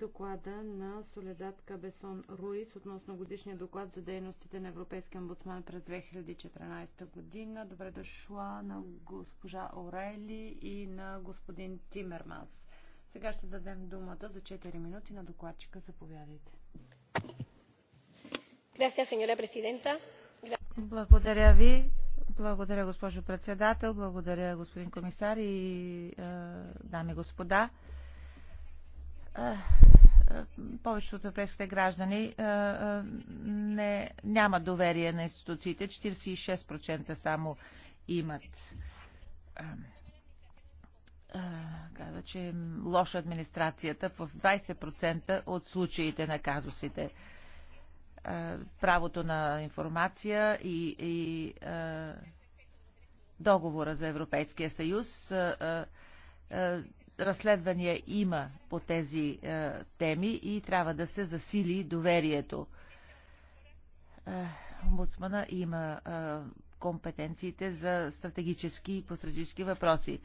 доклада на Соледат Кабесон Руис относно годишния доклад за дейностите на Европейския омбудсман през 2014 година. Добре дошла на госпожа Орели и на господин Тимерманс. Сега ще дадем думата за 4 минути на докладчика. Заповядайте. Благодаря ви. Благодаря, госпожо председател. Благодаря, господин комисар и е, дами и господа. Е, е, повечето от европейските граждани е, не, няма доверие на институциите. 46% само имат. Каза, че лоша администрацията в 20% от случаите на казусите. Правото на информация и, и договора за Европейския съюз разследвания има по тези е, теми и трябва да се засили доверието. Е, има е, компетенциите за стратегически и посредически въпроси.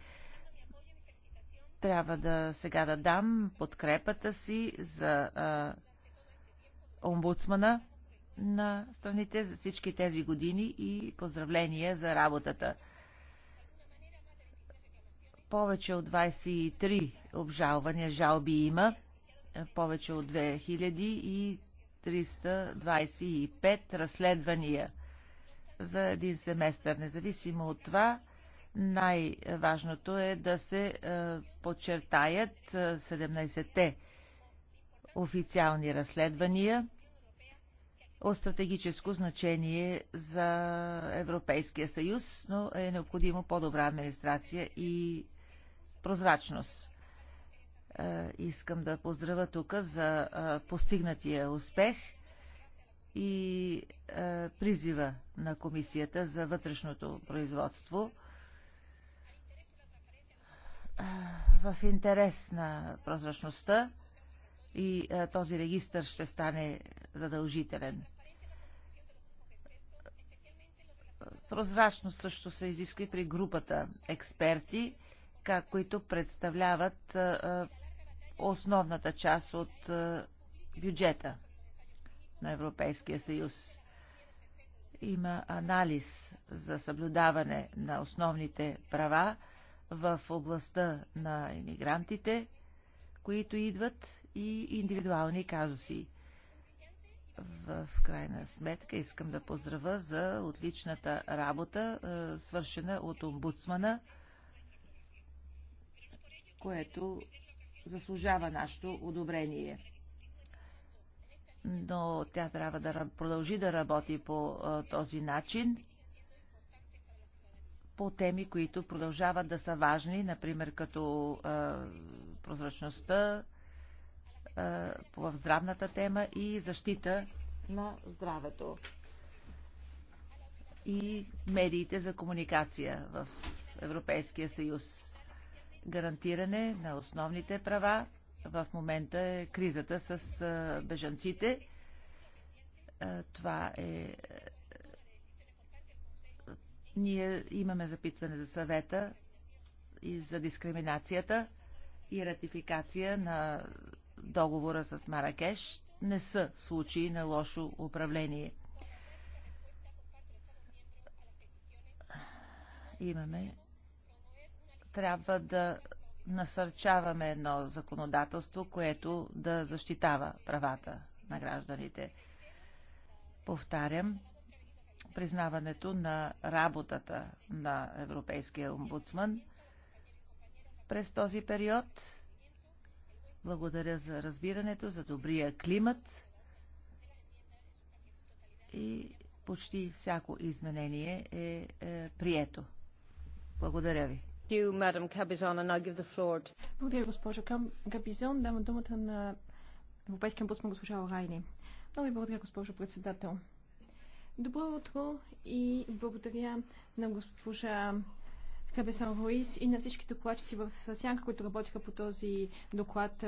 Трябва да сега да дам подкрепата си за е, омбудсмана на страните за всички тези години и поздравления за работата. Повече от 23 обжалвания, жалби има, е, повече от 2325 разследвания за един семестър. Независимо от това, най-важното е да се е, подчертаят 17-те е, официални разследвания от стратегическо значение за Европейския съюз, но е необходимо по-добра администрация и прозрачност. Е, искам да поздравя тук за е, постигнатия успех и е, призива на Комисията за вътрешното производство в интерес на прозрачността и този регистр ще стане задължителен. Прозрачност също се изисква и при групата експерти, които представляват основната част от бюджета на Европейския съюз. Има анализ за съблюдаване на основните права в областта на иммигрантите, които идват и индивидуални казуси. В крайна сметка искам да поздравя за отличната работа, свършена от омбудсмана което заслужава нашето одобрение. Но тя трябва да продължи да работи по този начин, по теми, които продължават да са важни, например като прозрачността в здравната тема и защита на здравето и медиите за комуникация в Европейския съюз гарантиране на основните права. В момента е кризата с бежанците. Това е. Ние имаме запитване за съвета и за дискриминацията и ратификация на договора с Маракеш не са случаи на лошо управление. Имаме трябва да насърчаваме едно законодателство, което да защитава правата на гражданите. Повтарям, признаването на работата на Европейския омбудсман през този период. Благодаря за разбирането, за добрия климат и почти всяко изменение е, е прието. Благодаря ви. Благодаря, госпожо Габизон. Давам думата на Европейския омбудсман госпожа Орайли. Много ви благодаря, госпожо председател. Добро утро и благодаря на госпожа Кабесан Руис и на всички докладчици в Сянка, които работиха по този доклад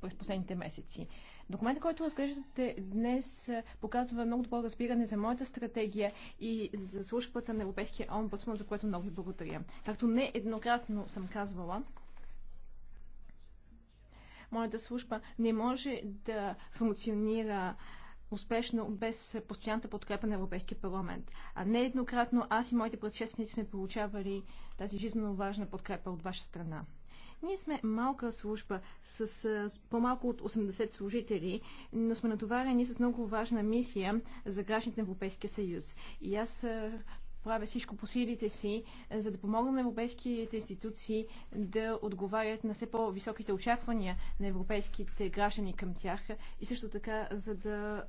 през последните месеци. Документът, който разглеждате днес, е, показва много добро разбиране за моята стратегия и за службата на Европейския омбудсман, за което много ви благодаря. Както нееднократно съм казвала, моята служба не може да функционира успешно без постоянната подкрепа на Европейския парламент. А не еднократно аз и моите предшественици сме получавали тази жизненно важна подкрепа от ваша страна. Ние сме малка служба с по-малко от 80 служители, но сме натоварени с много важна мисия за гражданите на Европейския съюз. И аз правя всичко по силите си, за да помогна на европейските институции да отговарят на все по-високите очаквания на европейските граждани към тях и също така, за да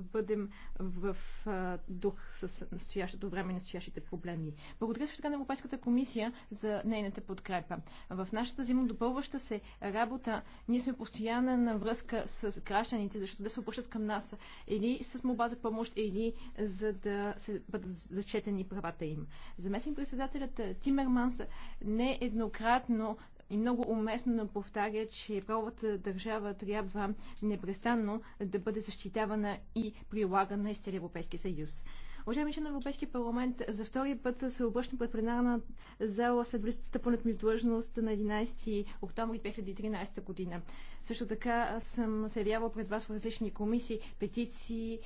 бъдем в а, дух с настоящото време и настоящите проблеми. Благодаря също така на Европейската комисия за нейната подкрепа. В нашата взаимодопълваща се работа ние сме постоянно на връзка с гражданите, защото да се обръщат към нас или с моба за помощ, или за да се бъдат зачетени правата им. Заместник председателят Тимерманс нееднократно и много уместно повтаря, че правовата държава трябва непрестанно да бъде защитавана и прилагана из целия Европейски съюз. Уважаеми че на Европейския парламент за втори път се обръщам пред пленарна зала след встъпването ми в длъжност на 11 октомври 2013 година. Също така съм се явявал пред вас в различни комисии, петиции,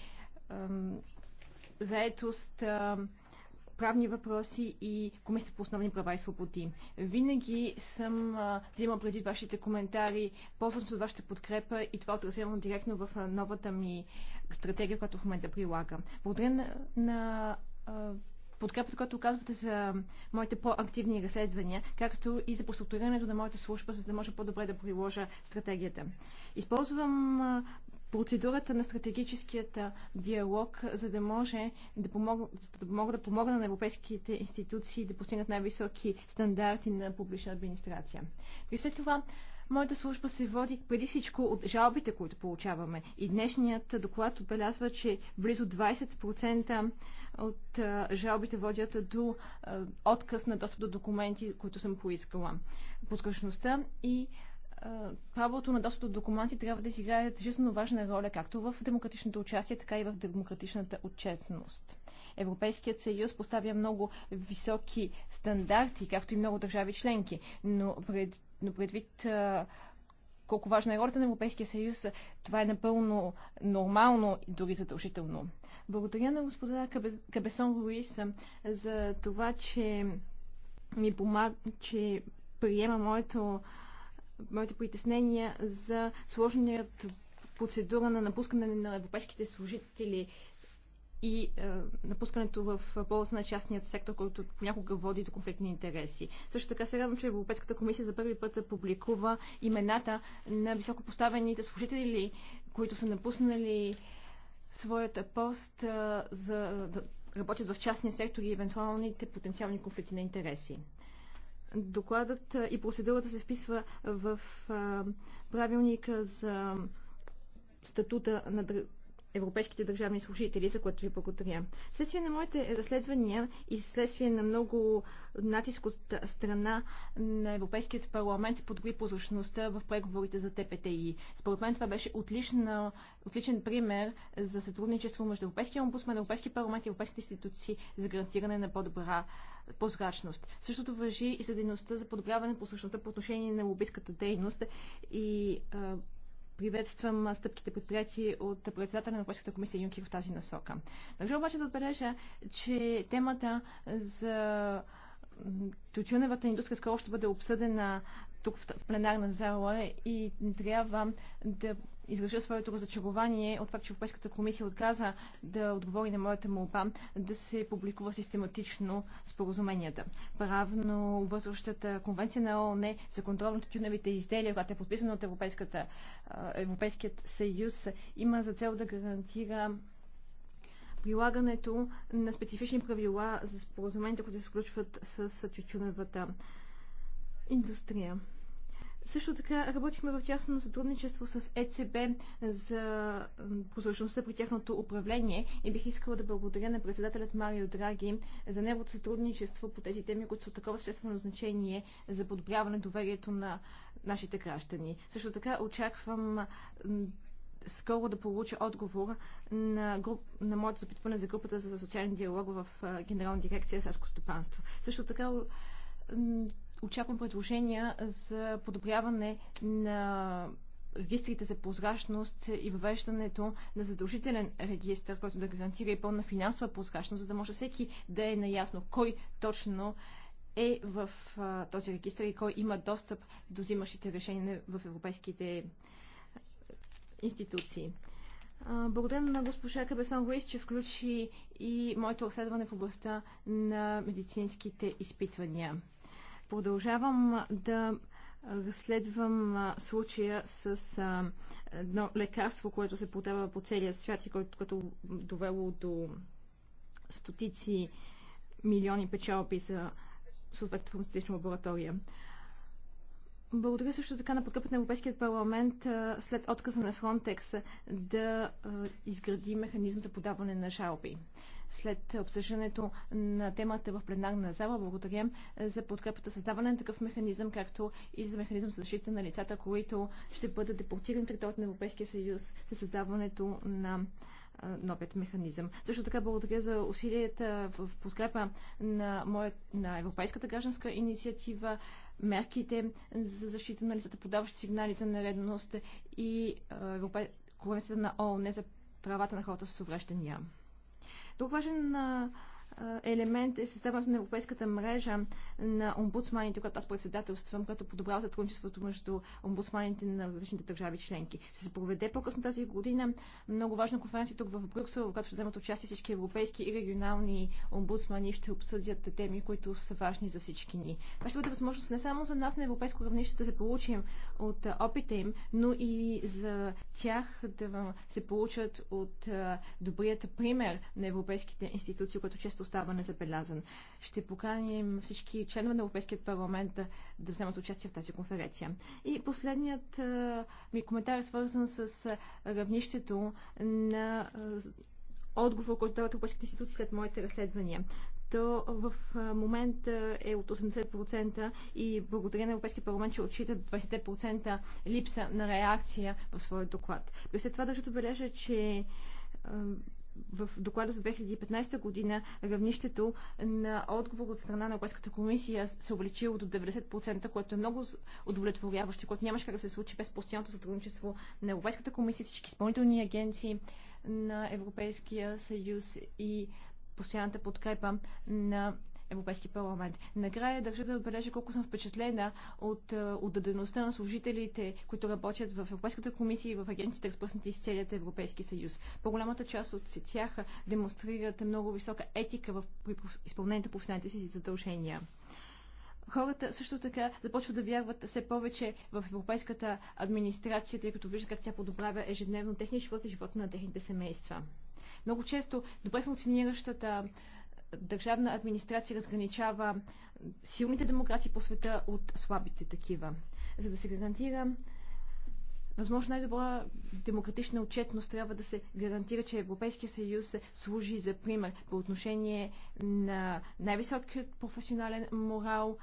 заетост, правни въпроси и Комисията по основни права и свободи. Винаги съм взимал преди вашите коментари, ползвам се от вашата подкрепа и това отразявам директно в новата ми стратегия, която в момента прилагам. Благодаря на, на подкрепата, която оказвате за моите по-активни разследвания, както и за преструктурирането на моята служба, за да може по-добре да приложа стратегията. Използвам процедурата на стратегическият диалог, за да може да помогна, да помогна, да помогна на европейските институции да постигнат най-високи стандарти на публична администрация. И след това, моята служба се води преди всичко от жалбите, които получаваме. И днешният доклад отбелязва, че близо 20% от жалбите водят до отказ на достъп до документи, които съм поискала. Подскъщността и правото на достъп до документи трябва да играе жизненно важна роля както в демократичното участие, така и в демократичната отчетност. Европейският съюз поставя много високи стандарти, както и много държави членки, но, пред, но предвид колко важна е ролята на Европейския съюз, това е напълно нормално и дори задължително. Благодаря на господа Кабесон Руис за това, че ми помага, че приема моето моите притеснения за сложният процедура на напускане на европейските служители и е, напускането в полза на частният сектор, който понякога води до конфликтни интереси. Също така се радвам, че Европейската комисия за първи път публикува имената на високопоставените служители, които са напуснали своята пост е, за да работят в частния сектор и евентуалните потенциални конфликти на интереси. Докладът и процедурата се вписва в правилника за статута на европейските държавни служители, за което ви благодаря. Следствие на моите разследвания и следствие на много натиск от страна на Европейският парламент се подобри прозрачността в преговорите за ТПТИ. Според мен това беше отлична, отличен пример за сътрудничество между Европейския омбудсмен, Европейския парламент и Европейските институции за гарантиране на по-добра прозрачност. Същото въжи и за дейността за подобряване на прозрачността по отношение на лобистката дейност и приветствам стъпките предприяти от председателя на Европейската комисия Юнкер в тази насока. Държа обаче да отбележа, че темата за тютюневата индустрия скоро ще бъде обсъдена тук в пленарна зала и трябва да изразя своето разочарование от факт, че Европейската комисия отказа да отговори на моята молба да се публикува систематично споразуменията. Правно обвързващата конвенция на ООН за контрол на тютюневите изделия, която е подписана от Европейската, Европейският съюз, има за цел да гарантира прилагането на специфични правила за споразуменията, които се включват с тютюневата индустрия. Също така работихме в тясно сътрудничество с ЕЦБ за прозрачността при тяхното управление и бих искала да благодаря на председателят Марио Драги за неговото сътрудничество по тези теми, които са от такова съществено значение за подобряване доверието на нашите граждани. Също така очаквам скоро да получа отговор на, груп, на моето запитване за групата за социален диалог в Генерална дирекция Сашко Стопанство. Също така очаквам предложения за подобряване на регистрите за прозрачност и въвеждането на задължителен регистр, който да гарантира и пълна финансова прозрачност, за да може всеки да е наясно кой точно е в а, този регистр и кой има достъп до взимащите решения в европейските институции. Благодаря на госпожа Кабесон Гуис, че включи и моето разследване в областта на медицинските изпитвания. Продължавам да разследвам случая с едно лекарство, което се продава по целия свят и което, което довело до стотици милиони печалби за съответната фармацевтична лаборатория. Благодаря също така на подкрепата на Европейския парламент след отказа на Frontex да изгради механизъм за подаване на жалби след обсъждането на темата в пленарна зала. Благодарим за подкрепата създаване на такъв механизъм, както и за механизъм за защита на лицата, които ще бъдат депортирани от територията на Европейския съюз за създаването на новият механизъм. Също така благодаря за усилията в подкрепа на, моя, на Европейската гражданска инициатива, мерките за защита на лицата, подаващи сигнали за наредност и Европейската на ООН за правата на хората с увреждания. Тук е важен а, е, елемент е създаването на Европейската мрежа на омбудсманите, която аз председателствам, която подобрява сътрудничеството между омбудсманите на различните държави членки. Ще се проведе по-късно тази година много важна конференция тук в Брюксел, в която ще вземат участие всички европейски и регионални омбудсмани, ще обсъдят теми, които са важни за всички ни. Това ще бъде възможност не само за нас на европейско равнище да се получим от опита им, но и за тях да се получат от добрият пример на европейските институции, които често остава незабелязан. Ще поканим всички членове на Европейския парламент да вземат участие в тази конференция. И последният ми коментар е свързан с равнището на отговор, който дават европейските институции след моите разследвания то в момента е от 80% и благодаря на Европейския парламент, че отчита 20% липса на реакция в своя доклад. При след това държа да бележа, че в доклада за 2015 година равнището на отговор от страна на Европейската комисия се увеличило до 90%, което е много удовлетворяващо, което нямаше как да се случи без постоянното сътрудничество на Европейската комисия, всички изпълнителни агенции на Европейския съюз и постоянната подкрепа на Европейски парламент. Накрая държа да отбележа колко съм впечатлена от е, отдадеността на служителите, които работят в Европейската комисия и в агенциите, разпръснати из целият Европейски съюз. По-голямата част от тях демонстрират много висока етика в изпълнението по си задължения хората също така започват да вярват все повече в европейската администрация, тъй като виждат как тя подобравя ежедневно техния живот и живота на техните семейства. Много често добре функциониращата държавна администрация разграничава силните демокрации по света от слабите такива. За да се гарантира възможно най-добра демократична отчетност трябва да се гарантира, че Европейския съюз служи за пример по отношение на най-висок професионален морал,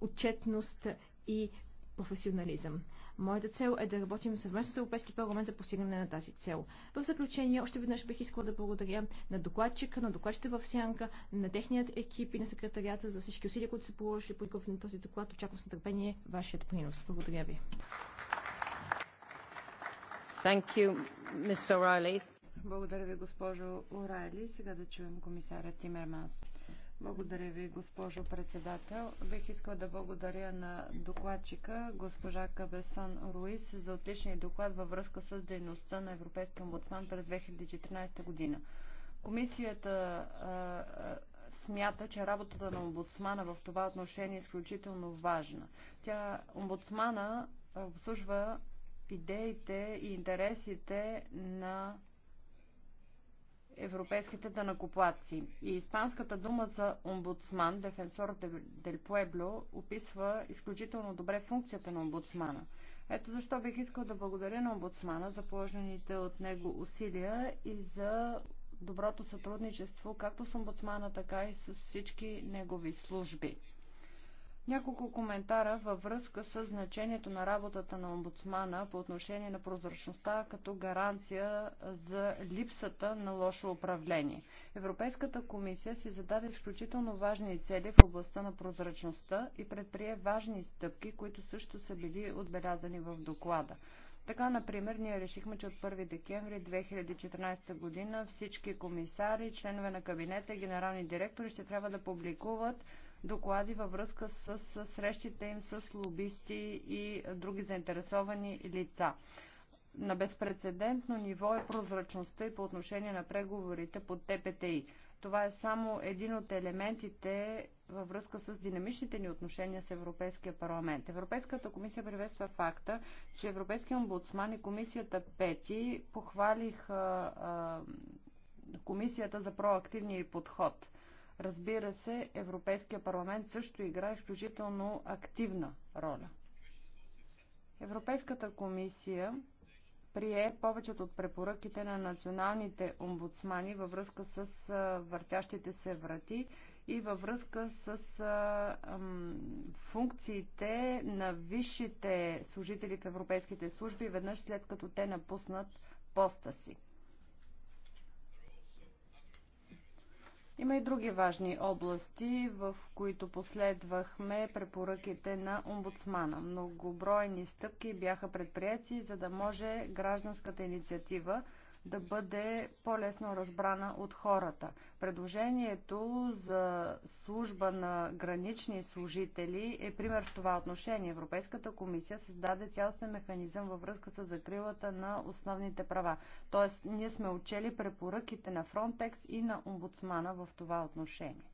отчетност и професионализъм. Моята цел е да работим съвместно с Европейски парламент за постигане на тази цел. В заключение, още веднъж бих искала да благодаря на докладчика, на докладчите в Сянка, на техният екип и на секретарията за всички усилия, които са положили по на този доклад. Очаквам с нетърпение вашият принос. Благодаря ви. Thank you, Благодаря ви, госпожо Орайли. Сега да чуем комисаря Тимерманс. Благодаря ви, госпожо председател. Бих искал да благодаря на докладчика, госпожа Кабесон Руис, за отличния доклад във връзка с дейността на Европейския омбудсман през 2014 година. Комисията а, а, смята, че работата на омбудсмана в това отношение е изключително важна. Тя, омбудсмана, обслужва идеите и интересите на европейските данакоплаци. И испанската дума за омбудсман, дефенсор дель Пуебло, описва изключително добре функцията на омбудсмана. Ето защо бих искал да благодаря на омбудсмана за положените от него усилия и за доброто сътрудничество както с омбудсмана, така и с всички негови служби. Няколко коментара във връзка с значението на работата на омбудсмана по отношение на прозрачността като гаранция за липсата на лошо управление. Европейската комисия си зададе изключително важни цели в областта на прозрачността и предприе важни стъпки, които също са били отбелязани в доклада. Така, например, ние решихме, че от 1 декември 2014 година всички комисари, членове на кабинета и генерални директори ще трябва да публикуват доклади във връзка с срещите им с лобисти и други заинтересовани лица. На безпредседентно ниво е прозрачността и по отношение на преговорите по ТПТИ. Това е само един от елементите във връзка с динамичните ни отношения с Европейския парламент. Европейската комисия приветства факта, че Европейския омбудсман и комисията Пети похвалиха комисията за проактивния подход – Разбира се, Европейския парламент също играе изключително активна роля. Европейската комисия прие повечето от препоръките на националните омбудсмани във връзка с въртящите се врати и във връзка с функциите на висшите служители в европейските служби, веднъж след като те напуснат поста си. Има и други важни области, в които последвахме препоръките на омбудсмана. Многобройни стъпки бяха предприяти, за да може гражданската инициатива да бъде по-лесно разбрана от хората. Предложението за служба на гранични служители е пример в това отношение. Европейската комисия създаде цялостен механизъм във връзка с закрилата на основните права. Тоест, ние сме учели препоръките на Frontex и на омбудсмана в това отношение.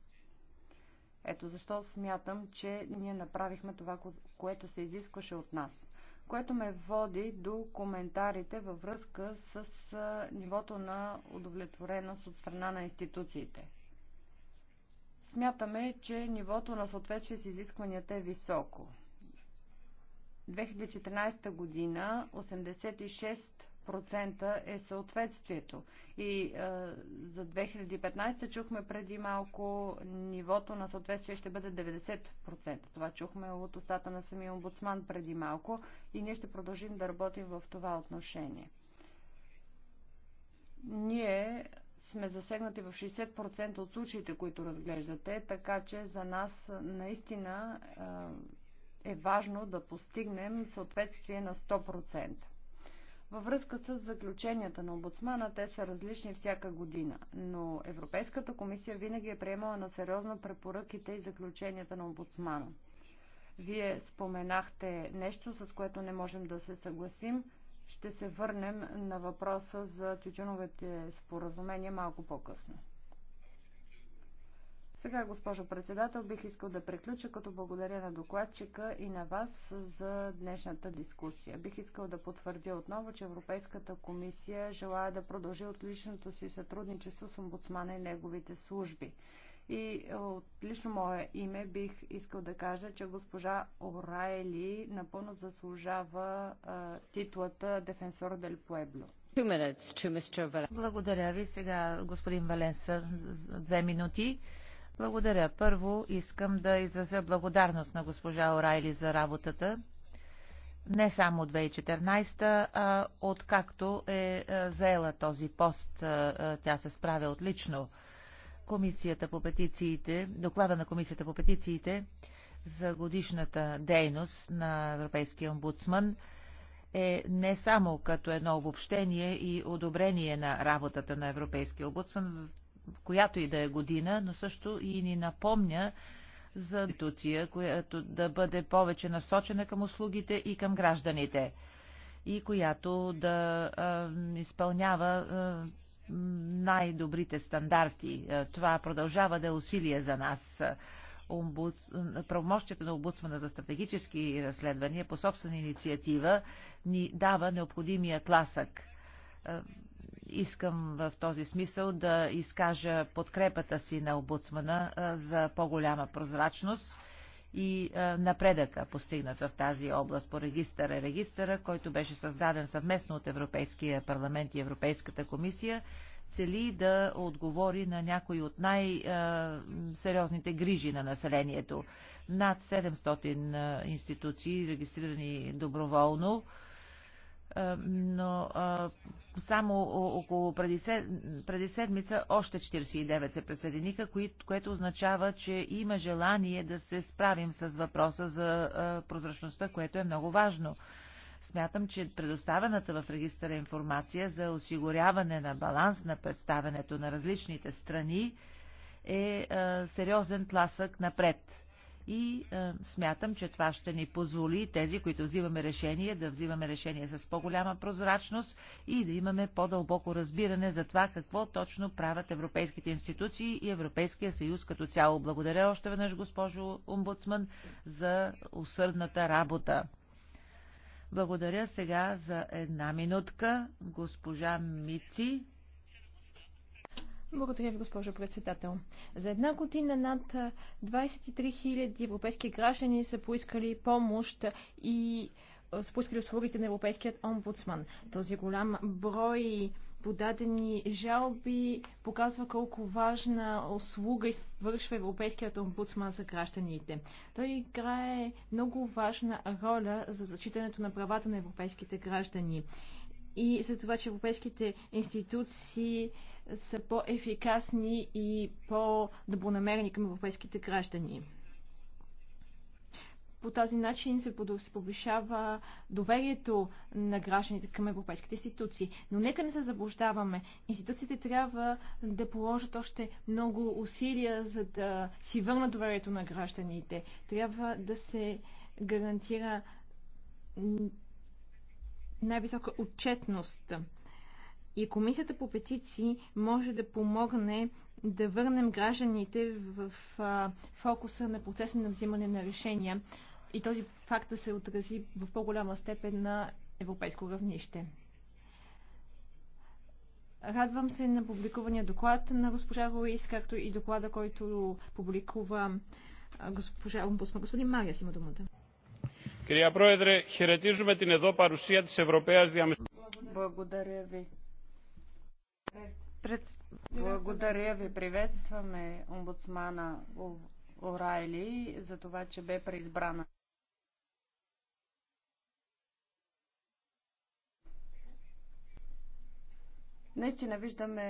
Ето защо смятам, че ние направихме това, което се изискваше от нас което ме води до коментарите във връзка с нивото на удовлетвореност от страна на институциите. Смятаме, че нивото на съответствие с изискванията е високо. 2014 година 86 процента е съответствието. И а, е, за 2015 чухме преди малко нивото на съответствие ще бъде 90%. Това чухме от устата на самия омбудсман преди малко и ние ще продължим да работим в това отношение. Ние сме засегнати в 60% от случаите, които разглеждате, така че за нас наистина е, е важно да постигнем съответствие на 100%. Във връзка с заключенията на омбудсмана, те са различни всяка година, но Европейската комисия винаги е приемала на сериозно препоръките и заключенията на омбудсмана. Вие споменахте нещо, с което не можем да се съгласим. Ще се върнем на въпроса за тютюновите споразумения малко по-късно. Сега, госпожо председател, бих искал да приключа, като благодаря на докладчика и на вас за днешната дискусия. Бих искал да потвърдя отново, че Европейската комисия желая да продължи отличното си сътрудничество с омбудсмана и неговите служби. И е, от лично мое име бих искал да кажа, че госпожа Орайли напълно заслужава а, е, титлата Дефенсор Дел Пуебло. Благодаря ви. Сега господин Валенса две минути. Благодаря. Първо искам да изразя благодарност на госпожа Орайли за работата. Не само 2014, а откакто е, е заела този пост, е, е, тя се справя отлично. Комисията по петициите, доклада на Комисията по петициите за годишната дейност на Европейския омбудсман е не само като едно обобщение и одобрение на работата на Европейския омбудсман, която и да е година, но също и ни напомня за институция, която да бъде повече насочена към услугите и към гражданите и която да а, изпълнява а, най-добрите стандарти. Това продължава да е усилие за нас. Умбуд... Правомощията на Обудсмана за стратегически разследвания по собствена инициатива ни дава необходимия тласък искам в този смисъл да изкажа подкрепата си на обуцмана за по-голяма прозрачност и напредъка, постигнат в тази област по регистъра. Регистъра, който беше създаден съвместно от Европейския парламент и Европейската комисия, цели да отговори на някои от най-сериозните грижи на населението. Над 700 институции, регистрирани доброволно, е, но само около преди, преди седмица още 49 се присъединиха, което означава, че има желание да се справим с въпроса за прозрачността, което е много важно. Смятам, че предоставената в регистъра информация за осигуряване на баланс на представенето на различните страни е сериозен тласък напред и е, смятам, че това ще ни позволи тези, които взимаме решение, да взимаме решение с по-голяма прозрачност и да имаме по-дълбоко разбиране за това какво точно правят европейските институции и Европейския съюз като цяло. Благодаря още веднъж, госпожо омбудсман, за усърдната работа. Благодаря сега за една минутка госпожа Мици. Благодаря ви, госпожо председател. За една година над 23 000 европейски граждани са поискали помощ и са поискали услугите на Европейският омбудсман. Този голям брой подадени жалби показва колко важна услуга извършва Европейският омбудсман за гражданите. Той играе много важна роля за зачитането на правата на европейските граждани и за това, че европейските институции са по-ефикасни и по-добронамерени към европейските граждани. По този начин се повишава доверието на гражданите към европейските институции. Но нека не се заблуждаваме. Институциите трябва да положат още много усилия, за да си върнат доверието на гражданите. Трябва да се гарантира най-висока отчетност. И комисията по петиции може да помогне да върнем гражданите в фокуса на процеса на взимане на решения и този факт да се отрази в по-голяма степен на европейско равнище. Радвам се на публикувания доклад на госпожа Руис, както и доклада, който публикува госпожа Омбусма. Господин си има думата. Κυρία Πρόεδρε, χαιρετίζουμε την εδώ παρουσία της Ευρωπαίας Διαμεσολάβησης. Благодаря ви. Приветстваме омбудсмана Орайли за това, че бе Наистина виждаме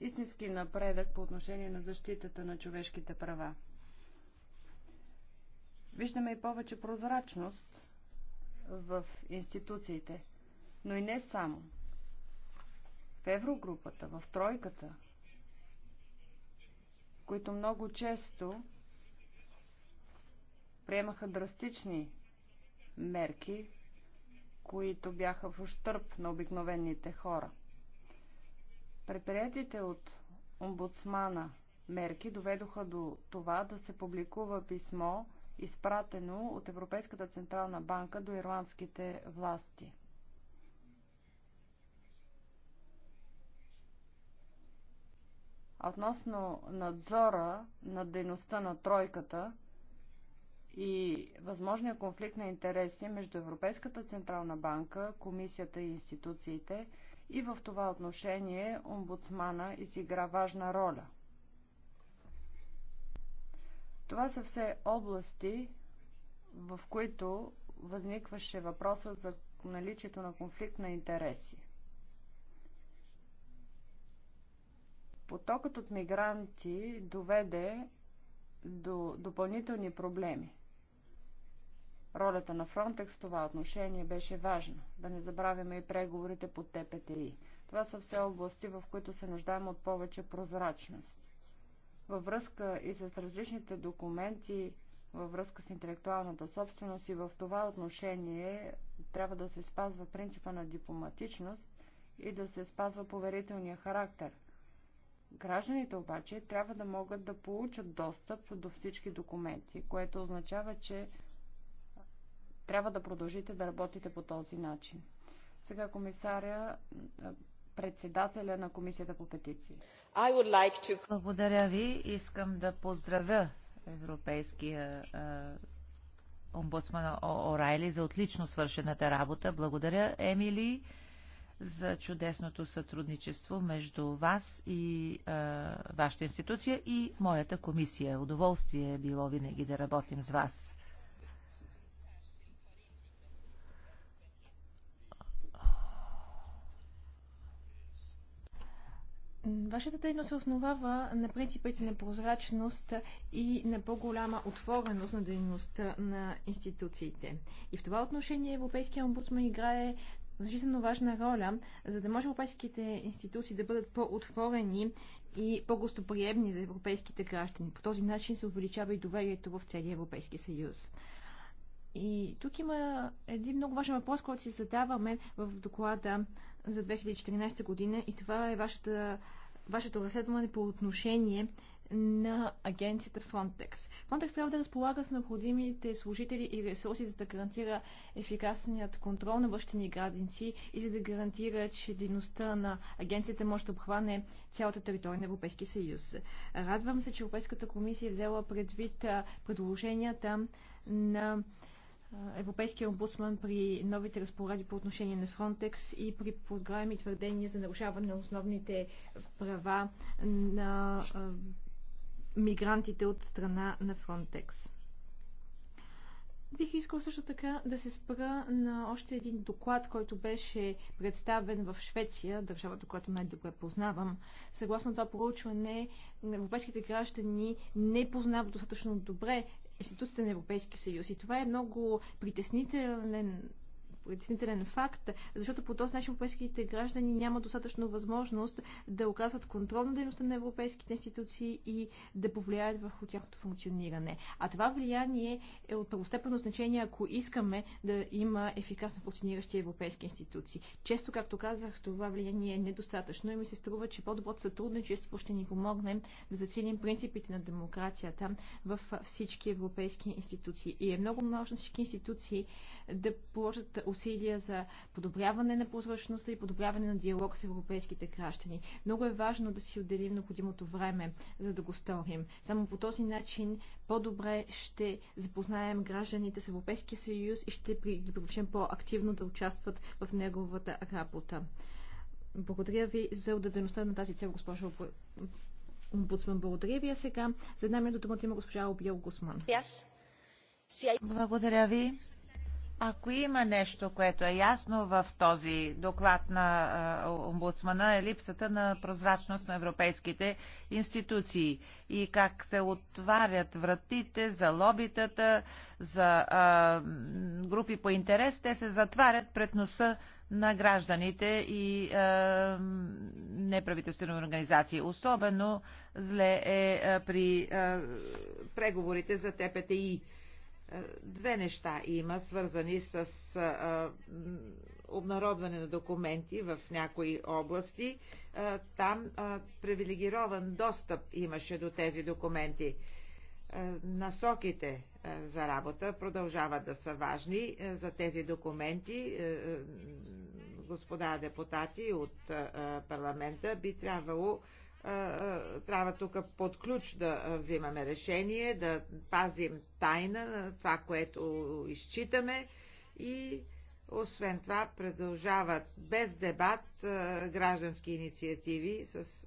истински напредък по отношение на защитата на човешките права. Виждаме и повече прозрачност в институциите, но и не само. В еврогрупата, в тройката, които много често приемаха драстични мерки, които бяха в ущърп на обикновените хора. Предприятите от омбудсмана мерки доведоха до това да се публикува писмо изпратено от Европейската централна банка до ирландските власти. Относно надзора на дейността на тройката и възможния конфликт на интереси между Европейската централна банка, комисията и институциите, и в това отношение омбудсмана изигра важна роля – това са все области, в които възникваше въпроса за наличието на конфликт на интереси. Потокът от мигранти доведе до допълнителни проблеми. Ролята на Фронтекс в това отношение беше важна. Да не забравяме и преговорите по ТПТИ. Това са все области, в които се нуждаем от повече прозрачност във връзка и с различните документи, във връзка с интелектуалната собственост и в това отношение трябва да се спазва принципа на дипломатичност и да се спазва поверителния характер. Гражданите обаче трябва да могат да получат достъп до всички документи, което означава, че трябва да продължите да работите по този начин. Сега комисаря председателя на Комисията по петиции. Like to... Благодаря ви. Искам да поздравя Европейския е, омбудсман Орайли за отлично свършената работа. Благодаря, Емили, за чудесното сътрудничество между вас и вашата институция и моята комисия. Удоволствие е било винаги да работим с вас. Вашата дейност се основава на принципите на прозрачност и на по-голяма отвореност на дейността на институциите. И в това отношение Европейския омбудсман играе жизненно важна роля, за да може европейските институции да бъдат по-отворени и по-гостоприемни за европейските граждани. По този начин се увеличава и доверието в целия Европейски съюз. И тук има един много важен въпрос, който си задаваме в доклада за 2014 година и това е вашата, вашето разследване по отношение на агенцията Frontex. Frontex трябва да разполага с необходимите служители и ресурси, за да гарантира ефикасният контрол на външните градинци граници и за да гарантира, че дейността на агенцията може да обхване цялата територия на Европейския съюз. Радвам се, че Европейската комисия е взела предвид предложенията на Европейския омбудсман при новите разпоради по отношение на Frontex и при подграми твърдения за нарушаване на основните права на мигрантите от страна на Frontex. Бих искал също така да се спра на още един доклад, който беше представен в Швеция, държавата, която най-добре познавам. Съгласно това проучване, европейските граждани не познават достатъчно добре институцията на Европейския съюз. И това е много притеснителен притеснителен факт, защото по този начин европейските граждани няма достатъчно възможност да оказват контрол на дейността на европейските институции и да повлияят върху тяхното функциониране. А това влияние е от първостепенно значение, ако искаме да има ефикасно функциониращи европейски институции. Често, както казах, това влияние е недостатъчно и ми се струва, че по-доброто сътрудничество ще ни помогне да засилим принципите на демокрацията в всички европейски институции. И е много важно всички институции да положат усилия за подобряване на прозрачността и подобряване на диалог с европейските граждани. Много е важно да си отделим необходимото време, за да го сторим. Само по този начин по-добре ще запознаем гражданите с Европейския съюз и ще привлечем по-активно да участват в неговата работа. Благодаря ви за отдадеността на тази цел, госпожо омбудсман. Благодаря ви. А сега за една минута думата има госпожа Обил Гусман. Благодаря ви. Ако има нещо, което е ясно в този доклад на омбудсмана, е липсата на прозрачност на европейските институции и как се отварят вратите за лобитата, за а, групи по интерес, те се затварят пред носа на гражданите и а, неправителствени организации. Особено зле е а, при а, преговорите за ТПТИ е, две неща има, свързани с е, е, обнародване на документи в някои области. Там привилегирован достъп имаше до тези документи. Насоките за работа продължават да са важни за тези документи. Господа депутати от парламента би трябвало трябва тук под ключ да взимаме решение, да пазим тайна на това, което изчитаме и освен това продължават без дебат граждански инициативи с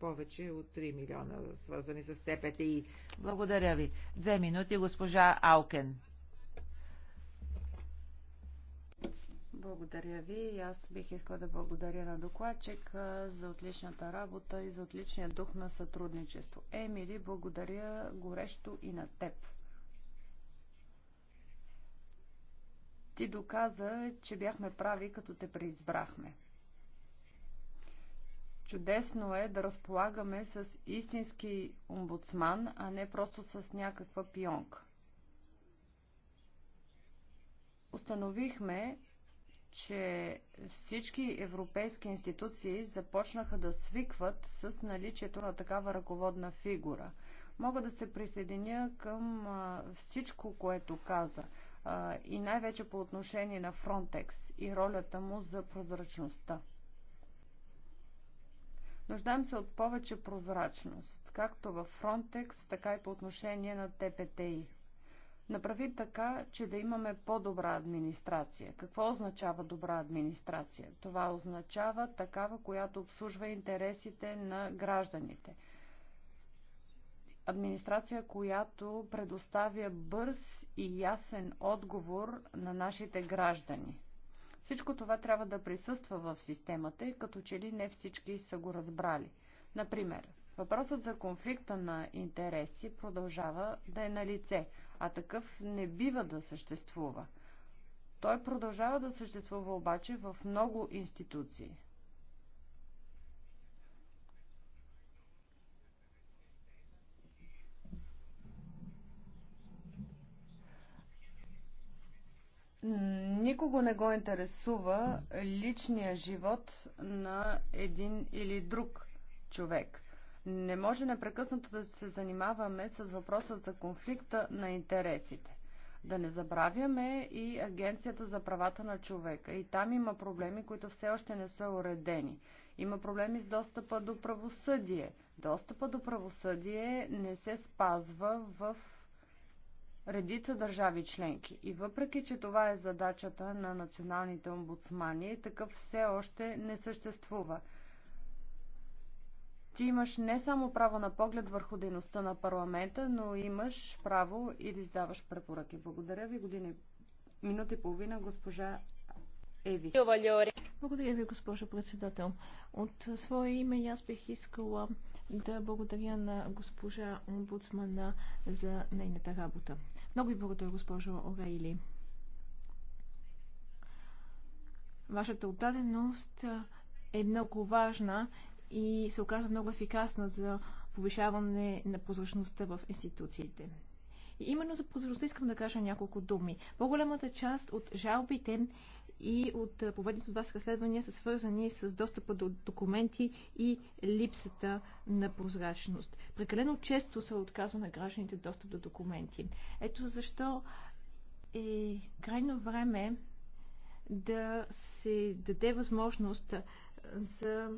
повече от 3 милиона свързани с ТПТИ. Благодаря ви. Две минути, госпожа Алкен. Благодаря ви и аз бих искала да благодаря на докладчик за отличната работа и за отличния дух на сътрудничество. Емили, благодаря горещо и на теб. Ти доказа, че бяхме прави, като те преизбрахме. Чудесно е да разполагаме с истински омбудсман, а не просто с някаква пионка установихме, че всички европейски институции започнаха да свикват с наличието на такава ръководна фигура. Мога да се присъединя към всичко, което каза и най-вече по отношение на Frontex и ролята му за прозрачността. Нуждаем се от повече прозрачност, както в Frontex, така и по отношение на ТПТИ. Направи така, че да имаме по-добра администрация. Какво означава добра администрация? Това означава такава, която обслужва интересите на гражданите. Администрация, която предоставя бърз и ясен отговор на нашите граждани. Всичко това трябва да присъства в системата и като че ли не всички са го разбрали. Например, въпросът за конфликта на интереси продължава да е на лице – а такъв не бива да съществува. Той продължава да съществува обаче в много институции. Никого не го интересува личния живот на един или друг човек. Не може непрекъснато да се занимаваме с въпроса за конфликта на интересите. Да не забравяме и Агенцията за правата на човека. И там има проблеми, които все още не са уредени. Има проблеми с достъпа до правосъдие. Достъпа до правосъдие не се спазва в редица държави членки. И въпреки, че това е задачата на националните омбудсмани, такъв все още не съществува. Ти имаш не само право на поглед върху дейността на парламента, но имаш право и да издаваш препоръки. Благодаря ви. Години, минута и половина, госпожа Еви. Благодаря ви, госпожо председател. От свое име аз бих искала да благодаря на госпожа омбудсмана за нейната работа. Много ви благодаря, госпожо Орейли. Вашата отдаденост е много важна и се оказва много ефикасна за повишаване на прозрачността в институциите. И именно за прозрачността искам да кажа няколко думи. По-голямата част от жалбите и от поведените от вас разследвания са свързани с достъпа до документи и липсата на прозрачност. Прекалено често се отказва на гражданите достъп до документи. Ето защо е крайно време да се даде възможност за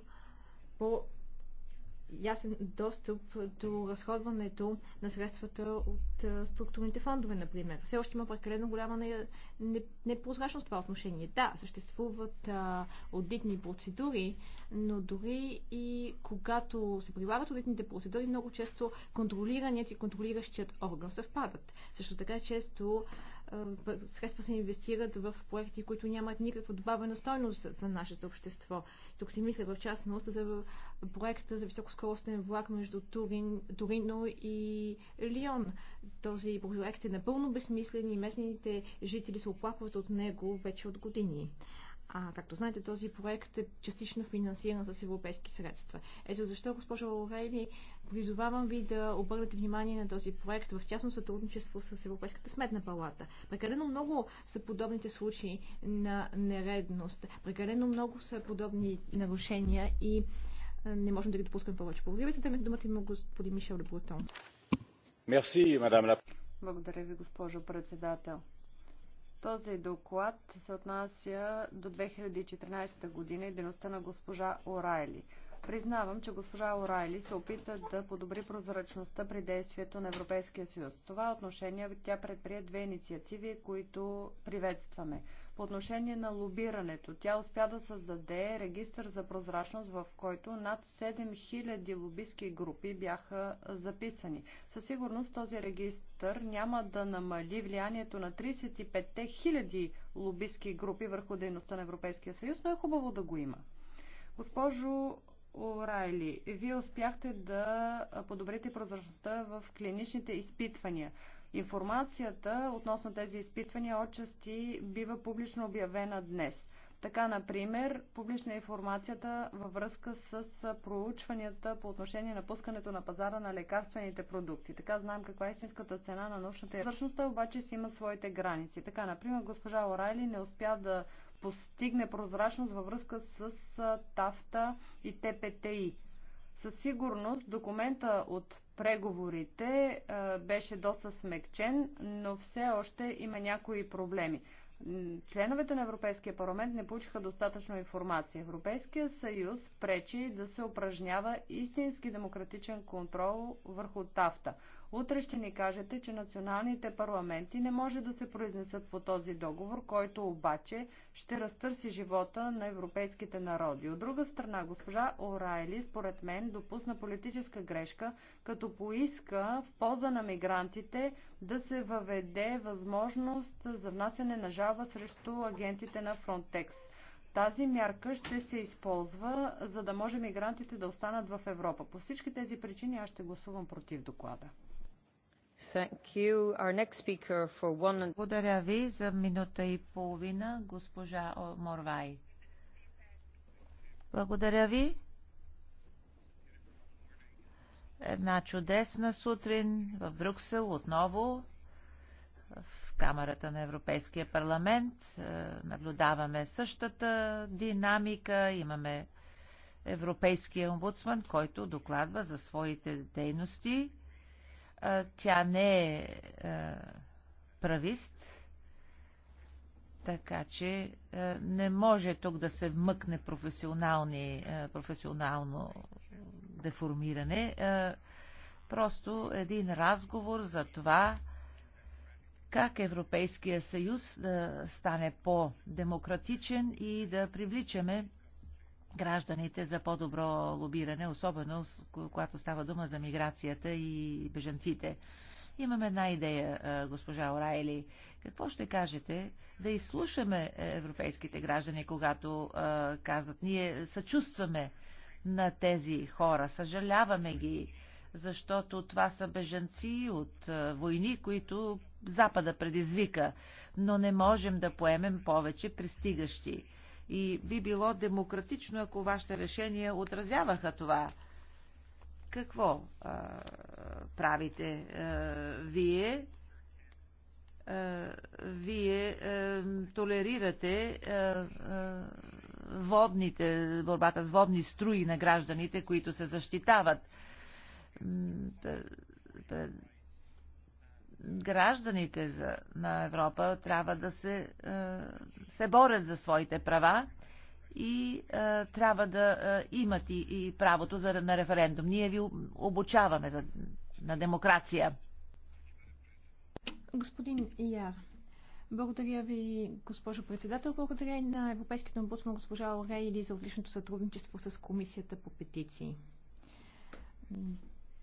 по-ясен достъп до разходването на средствата от структурните фондове, например. Все още има прекалено голяма непрозрачност в това отношение. Да, съществуват аудитни процедури, но дори и когато се прилагат аудитните процедури, много често контролираният и контролиращият орган съвпадат. Също така често а, е, средства се инвестират в проекти, които нямат никаква добавена стойност за нашето общество. Тук си мисля в частност за проекта за високоскоростен влак между Турин, Турино и Лион. Този проект е напълно безсмислен и местните жители се оплакват от него вече от години. А, както знаете, този проект е частично финансиран с европейски средства. Ето защо, госпожо Орели, призовавам ви да обърнете внимание на този проект в тясно сътрудничество с Европейската сметна палата. Прекалено много са подобните случаи на нередност. Прекалено много са подобни нарушения и не можем да ги допускаме повече. Благодаря ви за думата има господин Мишел Лебрутон. Благодаря ви, госпожо председател. Този доклад се отнася до 2014 година и дейността на госпожа Орайли. Признавам, че госпожа Орайли се опита да подобри прозрачността при действието на Европейския съюз. В това отношение тя предприе две инициативи, които приветстваме по отношение на лобирането. Тя успя да създаде регистър за прозрачност, в който над 7000 лобистки групи бяха записани. Със сигурност този регистър няма да намали влиянието на 35 000 лобистки групи върху дейността на Европейския съюз, но е хубаво да го има. Госпожо Орайли, вие успяхте да подобрите прозрачността в клиничните изпитвания. Информацията относно тези изпитвания отчасти бива публично обявена днес. Така, например, публична информацията във връзка с проучванията по отношение на пускането на пазара на лекарствените продукти. Така знаем каква е истинската цена на научната Същността обаче си имат своите граници. Така, например, госпожа Орайли не успя да постигне прозрачност във връзка с ТАФТА и ТПТИ. Със сигурност документа от преговорите е, беше доста смекчен, но все още има някои проблеми. Членовете на Европейския парламент не получиха достатъчно информация. Европейския съюз пречи да се упражнява истински демократичен контрол върху ТАФТА. Утре ще ни кажете, че националните парламенти не може да се произнесат по този договор, който обаче ще разтърси живота на европейските народи. От друга страна, госпожа Орайли, според мен, допусна политическа грешка, като поиска в полза на мигрантите да се въведе възможност за внасяне на жалба срещу агентите на Frontex. Тази мярка ще се използва, за да може мигрантите да останат в Европа. По всички тези причини аз ще гласувам против доклада. Благодаря ви за минута и половина, госпожа Морвай. Благодаря ви. Една чудесна сутрин в Брюксел отново в Камерата на Европейския парламент. Е, наблюдаваме същата динамика. Имаме Европейския омбудсман, който докладва за своите дейности тя не е правист, така че не може тук да се вмъкне професионално деформиране. Просто един разговор за това, как Европейския съюз да стане по-демократичен и да привличаме гражданите за по-добро лобиране, особено когато става дума за миграцията и бежанците. Имаме една идея, госпожа Орайли. Какво ще кажете да изслушаме е, европейските граждани, когато казват, ние съчувстваме на тези хора, съжаляваме ги, защото това са бежанци от войни, които Запада предизвика, но не можем да поемем повече пристигащи и би било демократично, ако вашите решения отразяваха това. Какво а, правите а, вие? А, вие а, толерирате а, а, водните, борбата с водни струи на гражданите, които се защитават гражданите за, на Европа трябва да се, е, се борят за своите права и е, трябва да е, имат и, и правото за, на референдум. Ние ви обучаваме за, на демокрация. Господин Яр, благодаря ви, госпожо председател. Благодаря и на Европейският омбудсман госпожа Орейли за отличното сътрудничество с Комисията по петиции.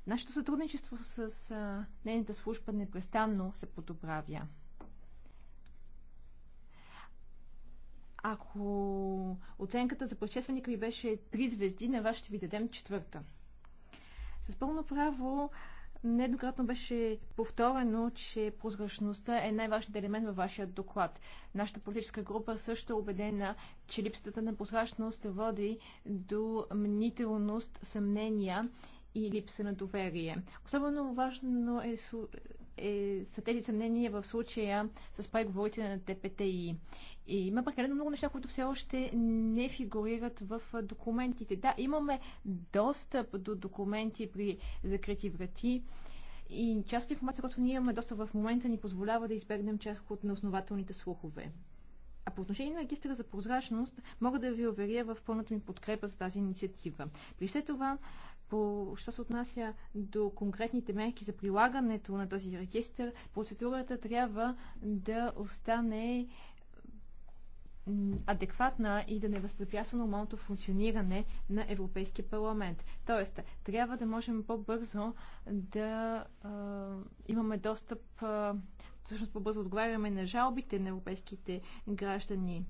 Нашето сътрудничество с а, нейната служба непрестанно се подобравя. Ако оценката за предшественика ви беше 3 звезди, на вас ще ви дадем четвърта. С пълно право неоднократно беше повторено, че прозрачността е най-важният елемент във вашия доклад. Нашата политическа група също е убедена, че липсата на прозрачност води до мнителност, съмнения и липса на доверие. Особено важно е, е, са тези съмнения в случая с преговорите на ТПТИ. И има прекалено много неща, които все още не фигурират в документите. Да, имаме достъп до документи при закрити врати. И част от информация, която ние имаме доста в момента, ни позволява да избегнем част от неоснователните слухове. А по отношение на регистъра за прозрачност, мога да ви уверя в пълната ми подкрепа за тази инициатива. При все това, по, що се отнася до конкретните мерки за прилагането на този регистр, процедурата трябва да остане адекватна и да не възпрепятства нормалното функциониране на Европейския парламент. Тоест, трябва да можем по-бързо да а, имаме достъп, а, всъщност по-бързо отговаряме на жалбите на европейските граждани.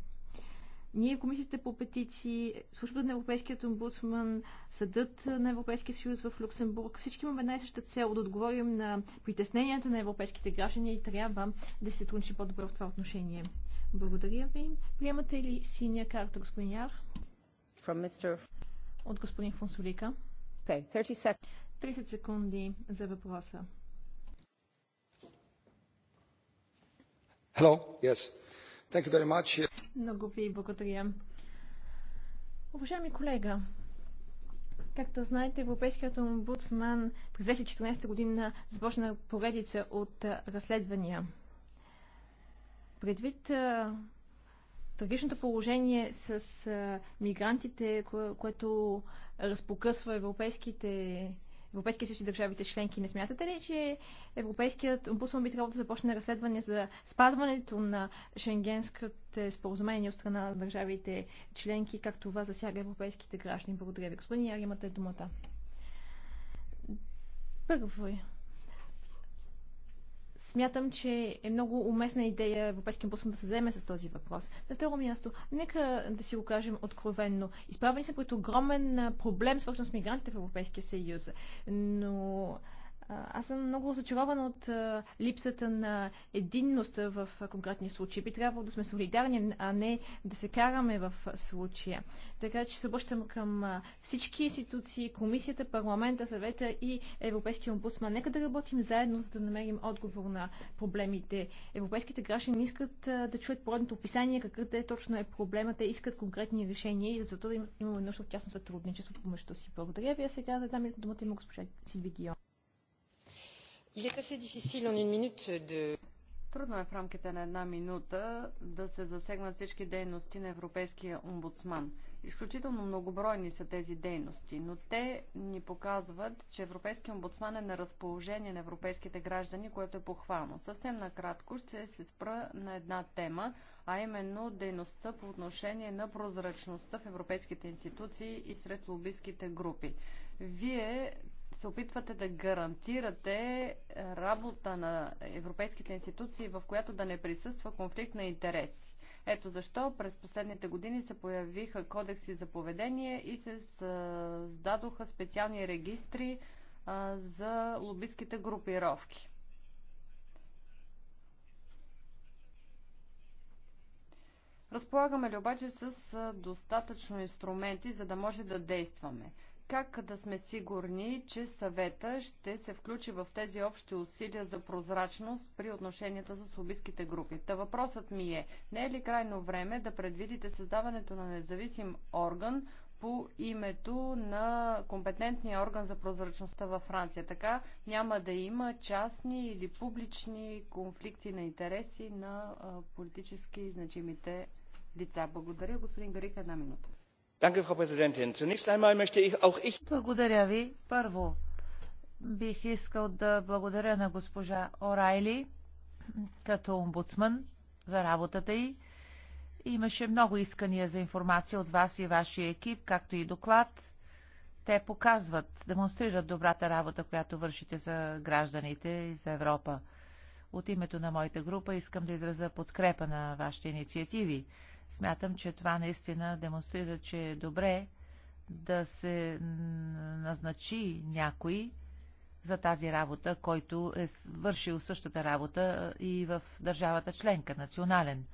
Ние, комисията по петиции, службата на Европейският омбудсман, съдът на Европейския съюз в Люксембург, всички имаме една и съща цел да отговорим на притесненията на европейските граждани и трябва да се трудничи по-добре в това отношение. Благодаря ви. Приемате ли синя карта, господин Яр? Mr... От господин Фонсулика. Okay, 30, sec 30 секунди за въпроса. Hello, yes. Thank you very much. Много ви благодаря. Уважаеми колега, Както знаете, Европейският омбудсман през 2014 година започна поредица от разследвания. Предвид трагичното положение с мигрантите, кое, което разпокъсва европейските Европейския съюз и държавите членки. Не смятате ли, че Европейският омбудсман би трябвало да започне разследване за спазването на Шенгенските споразумения от страна на държавите членки, както това засяга европейските граждани? Благодаря ви. Господин Яр, имате думата. Първо, Смятам, че е много уместна идея Европейския бусъм да се заеме с този въпрос. На второ място, нека да си го кажем откровенно. Изправени са пред огромен проблем, свързан с мигрантите в Европейския съюз. Но аз съм много зачарована от липсата на единност в конкретни случаи. Би трябвало да сме солидарни, а не да се караме в случая. Така че се обръщам към всички институции, комисията, парламента, съвета и Европейския омбудсман. Нека да работим заедно, за да намерим отговор на проблемите. Европейските граждани искат да чуят поредното описание, е точно е проблема. Те искат конкретни решения и за това да имаме нужда от тясно сътрудничество помежду си. Благодаря ви. А сега задам думата има госпожа Сильви Трудно е в рамките на една минута да се засегнат всички дейности на Европейския омбудсман. Изключително многобройни са тези дейности, но те ни показват, че Европейския омбудсман е на разположение на европейските граждани, което е похвално. Съвсем накратко ще се спра на една тема, а именно дейността по отношение на прозрачността в европейските институции и сред лобистските групи. Вие се опитвате да гарантирате е, работа на европейските институции, в която да не присъства конфликт на интереси. Ето защо през последните години се появиха кодекси за поведение и се е, създадоха специални регистри е, за лобистските групировки. Разполагаме ли обаче с достатъчно инструменти, за да може да действаме? Как да сме сигурни, че съвета ще се включи в тези общи усилия за прозрачност при отношенията с лобистските групи? Та въпросът ми е, не е ли крайно време да предвидите създаването на независим орган, по името на компетентния орган за прозрачността във Франция. Така няма да има частни или публични конфликти на интереси на политически значимите лица. Благодаря, господин Гарик, една минута. Благодаря ви. Първо, бих искал да благодаря на госпожа Орайли като омбудсман за работата й. Имаше много искания за информация от вас и вашия екип, както и доклад. Те показват, демонстрират добрата работа, която вършите за гражданите и за Европа. От името на моята група искам да изразя подкрепа на вашите инициативи. Смятам, че това наистина демонстрира, че е добре да се назначи някой за тази работа, който е вършил същата работа и в държавата членка, национален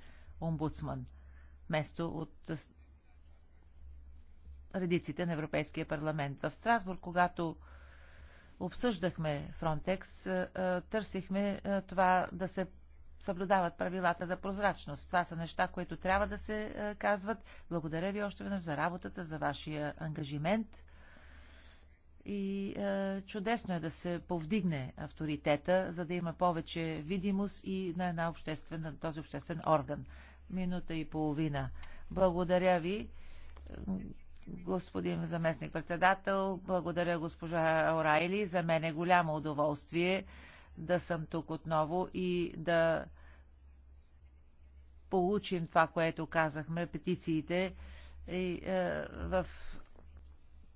омбудсман, вместо от редиците на Европейския парламент. В Страсбург, когато обсъждахме Фронтекс, търсихме това да се съблюдават правилата за прозрачност. Това са неща, които трябва да се е, казват. Благодаря ви още веднъж за работата, за вашия ангажимент. И е, чудесно е да се повдигне авторитета, за да има повече видимост и на една обществена, този обществен орган. Минута и половина. Благодаря ви, господин заместник-председател. Благодаря госпожа Орайли. За мен е голямо удоволствие да съм тук отново и да получим това, което казахме, петициите и, е, в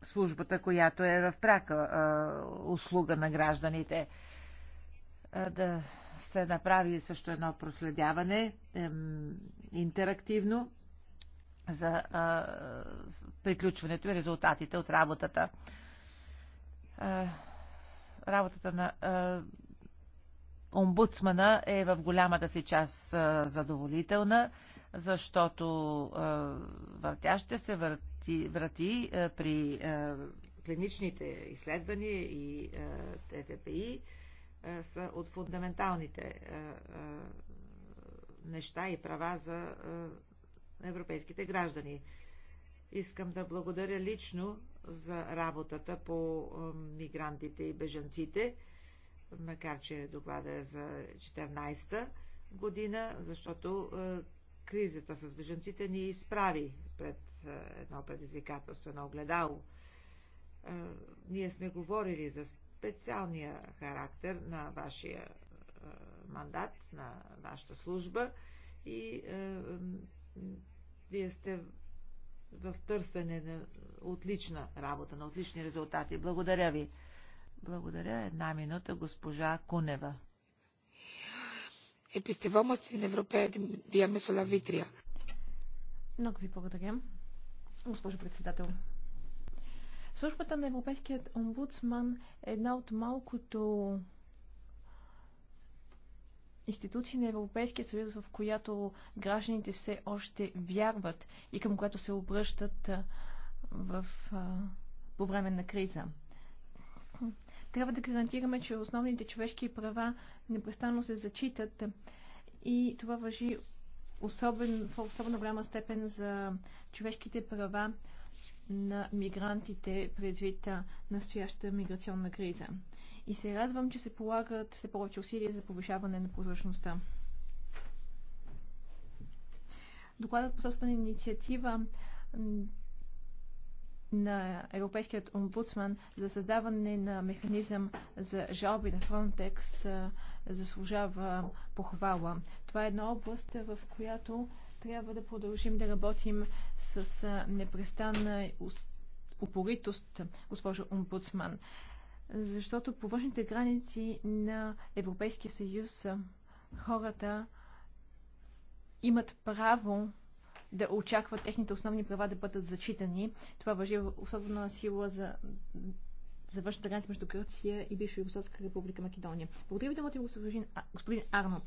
службата, която е в пряка е, услуга на гражданите. Е, да се направи също едно проследяване е, интерактивно за е, приключването и резултатите от работата. Е, работата на е, омбудсмана е в голямата си част задоволителна, защото въртящите се върти, врати при клиничните изследвания и ТТПИ са от фундаменталните неща и права за европейските граждани. Искам да благодаря лично за работата по мигрантите и бежанците макар че доклада е за 14-та година, защото е, кризата с бежанците ни изправи пред е, едно предизвикателство, едно огледало. Е, ние сме говорили за специалния характер на вашия мандат, на вашата служба и вие сте в търсене на отлична работа, на отлични резултати. Благодаря ви. Благодаря. Една минута, госпожа Кунева. на Европея Ευρωπαία Витрия. Много ви благодаря, госпожо председател. Службата на Европейският омбудсман е една от малкото институции на Европейския съюз, в която гражданите все още вярват и към която се обръщат в, по време на криза. Трябва да гарантираме, че основните човешки права непрестанно се зачитат и това въжи особен, в особено голяма степен за човешките права на мигрантите предвид настоящата миграционна криза. И се радвам, че се полагат все повече усилия за повишаване на прозрачността. Докладът по собствена инициатива на Европейският омбудсман за създаване на механизъм за жалби на Фронтекс заслужава похвала. Това е една област, в която трябва да продължим да работим с непрестанна упоритост, госпожо омбудсман. Защото по външните граници на Европейския съюз хората имат право да очакват техните основни права да бъдат зачитани. Това въжи особена сила за за външната граница между Гърция и бивша Югославска република Македония. Благодаря ви, думата господин, Арно.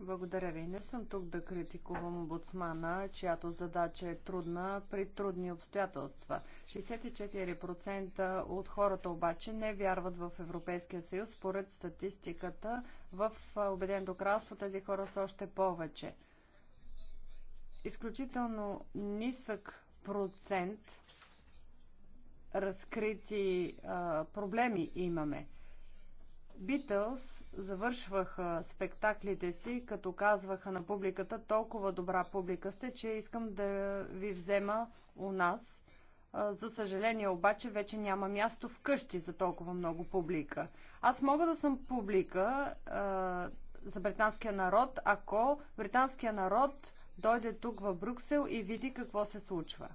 Благодаря ви. Не съм тук да критикувам омбудсмана, чиято задача е трудна при трудни обстоятелства. 64% от хората обаче не вярват в Европейския съюз. Според статистиката в Обеденто кралство тези хора са още повече изключително нисък процент разкрити а, проблеми имаме. Битълс завършваха спектаклите си, като казваха на публиката, толкова добра публика сте, че искам да ви взема у нас. За съжаление обаче вече няма място вкъщи за толкова много публика. Аз мога да съм публика а, за британския народ, ако британския народ дойде тук в Брюксел и види какво се случва.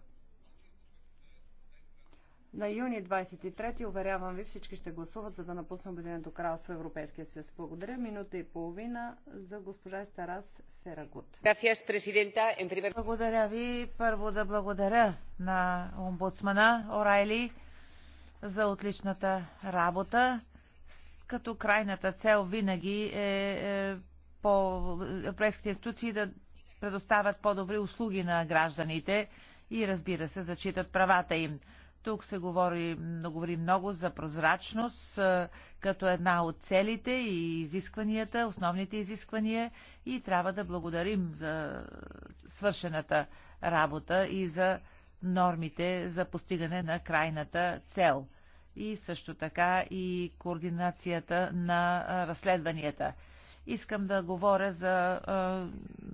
На юни 23, ти уверявам ви, всички ще гласуват, за да напусне Обединеното кралство Европейския съюз. Благодаря. Минута и половина за госпожа Старас Ферагут. Благодаря ви. Първо да благодаря на омбудсмана Орайли за отличната работа, като крайната цел винаги е, е по европейските институции да предоставят по-добри услуги на гражданите и разбира се, зачитат правата им. Тук се говори, говори много за прозрачност като една от целите и изискванията, основните изисквания и трябва да благодарим за свършената работа и за нормите за постигане на крайната цел и също така и координацията на разследванията. Искам да говоря за а,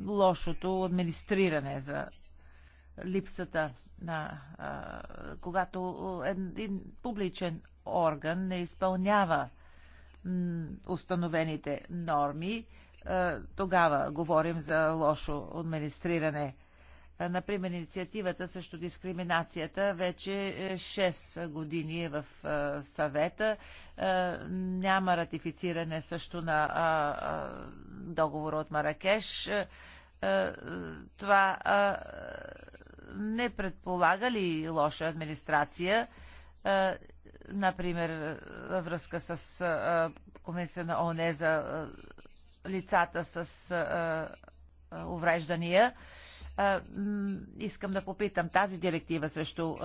лошото администриране, за липсата на. А, когато един публичен орган не изпълнява установените норми, тогава говорим за лошо администриране. Например, инициативата срещу дискриминацията вече 6 е, години е в съвета. Няма ратифициране също на договора от Маракеш. Това не предполага ли лоша администрация? Например, във връзка с Комисия на ОНЕ за лицата с увреждания. Е, искам да попитам тази директива срещу е,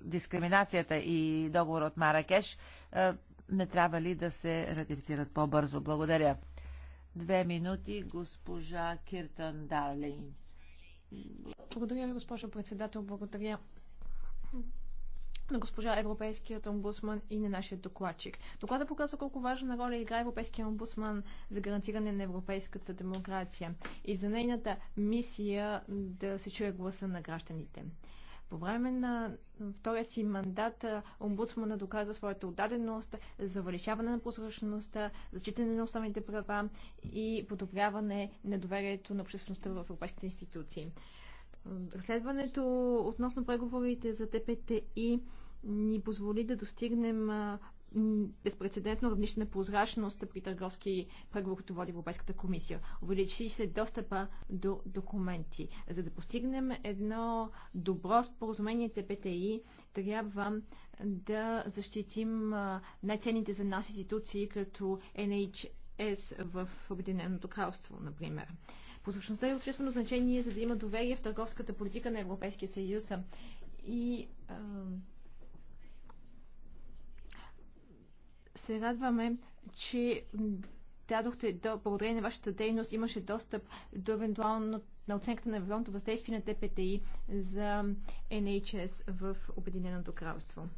дискриминацията и договор от Маракеш. Е, не трябва ли да се ратифицират по-бързо? Благодаря. Две минути, госпожа Киртън Дарлин. Благодаря ви, госпожа председател. Благодаря на госпожа Европейският омбудсман и на нашия докладчик. Докладът показва колко важна роля играе Европейския омбудсман за гарантиране на европейската демокрация и за нейната мисия да се чуе гласа на гражданите. По време на втория си мандат омбудсмана доказа своята отдаденост за увеличаване на прозрачността, зачитане на основните права и подобряване на доверието на обществеността в европейските институции. Разследването относно преговорите за ТПТИ ни позволи да достигнем безпредседентно равнище на прозрачност при търговски преговори, които води Европейската комисия. Увеличи се достъпа до документи. За да постигнем едно добро споразумение ТПТИ, трябва да защитим най-ценните за нас институции, като NHS в Обединеното кралство, например. Прозрачността е обществено значение, за да има доверие в търговската политика на Европейския съюз. И а, се радваме, че дадохте, до, благодарение на вашата дейност, имаше достъп до евентуално на оценката на евентуалното въздействие на ТПТИ за НХС в Обединеното кралство.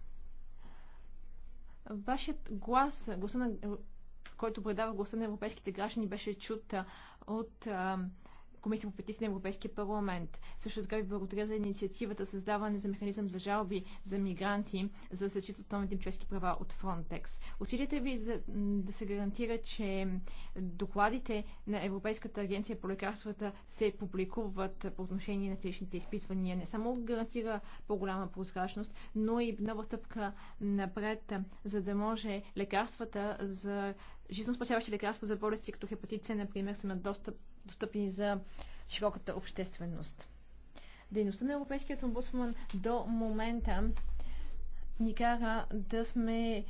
Вашият глас, гласа на който предава гласа на европейските граждани, беше чут от Комисията по петиции на Европейския парламент. Също така ви благодаря за инициативата създаване за механизъм за жалби за мигранти, за да се читат основните им човешки права от Frontex. Усилията ви за да се гарантира, че докладите на Европейската агенция по лекарствата се публикуват по отношение на клиничните изпитвания не само гарантира по-голяма прозрачност, но и нова стъпка напред, за да може лекарствата за спасяващи лекарства за болести като хепатит С, например, са на достъп, достъпни за широката общественост. Дейността на Европейският омбудсман до момента ни кара да сме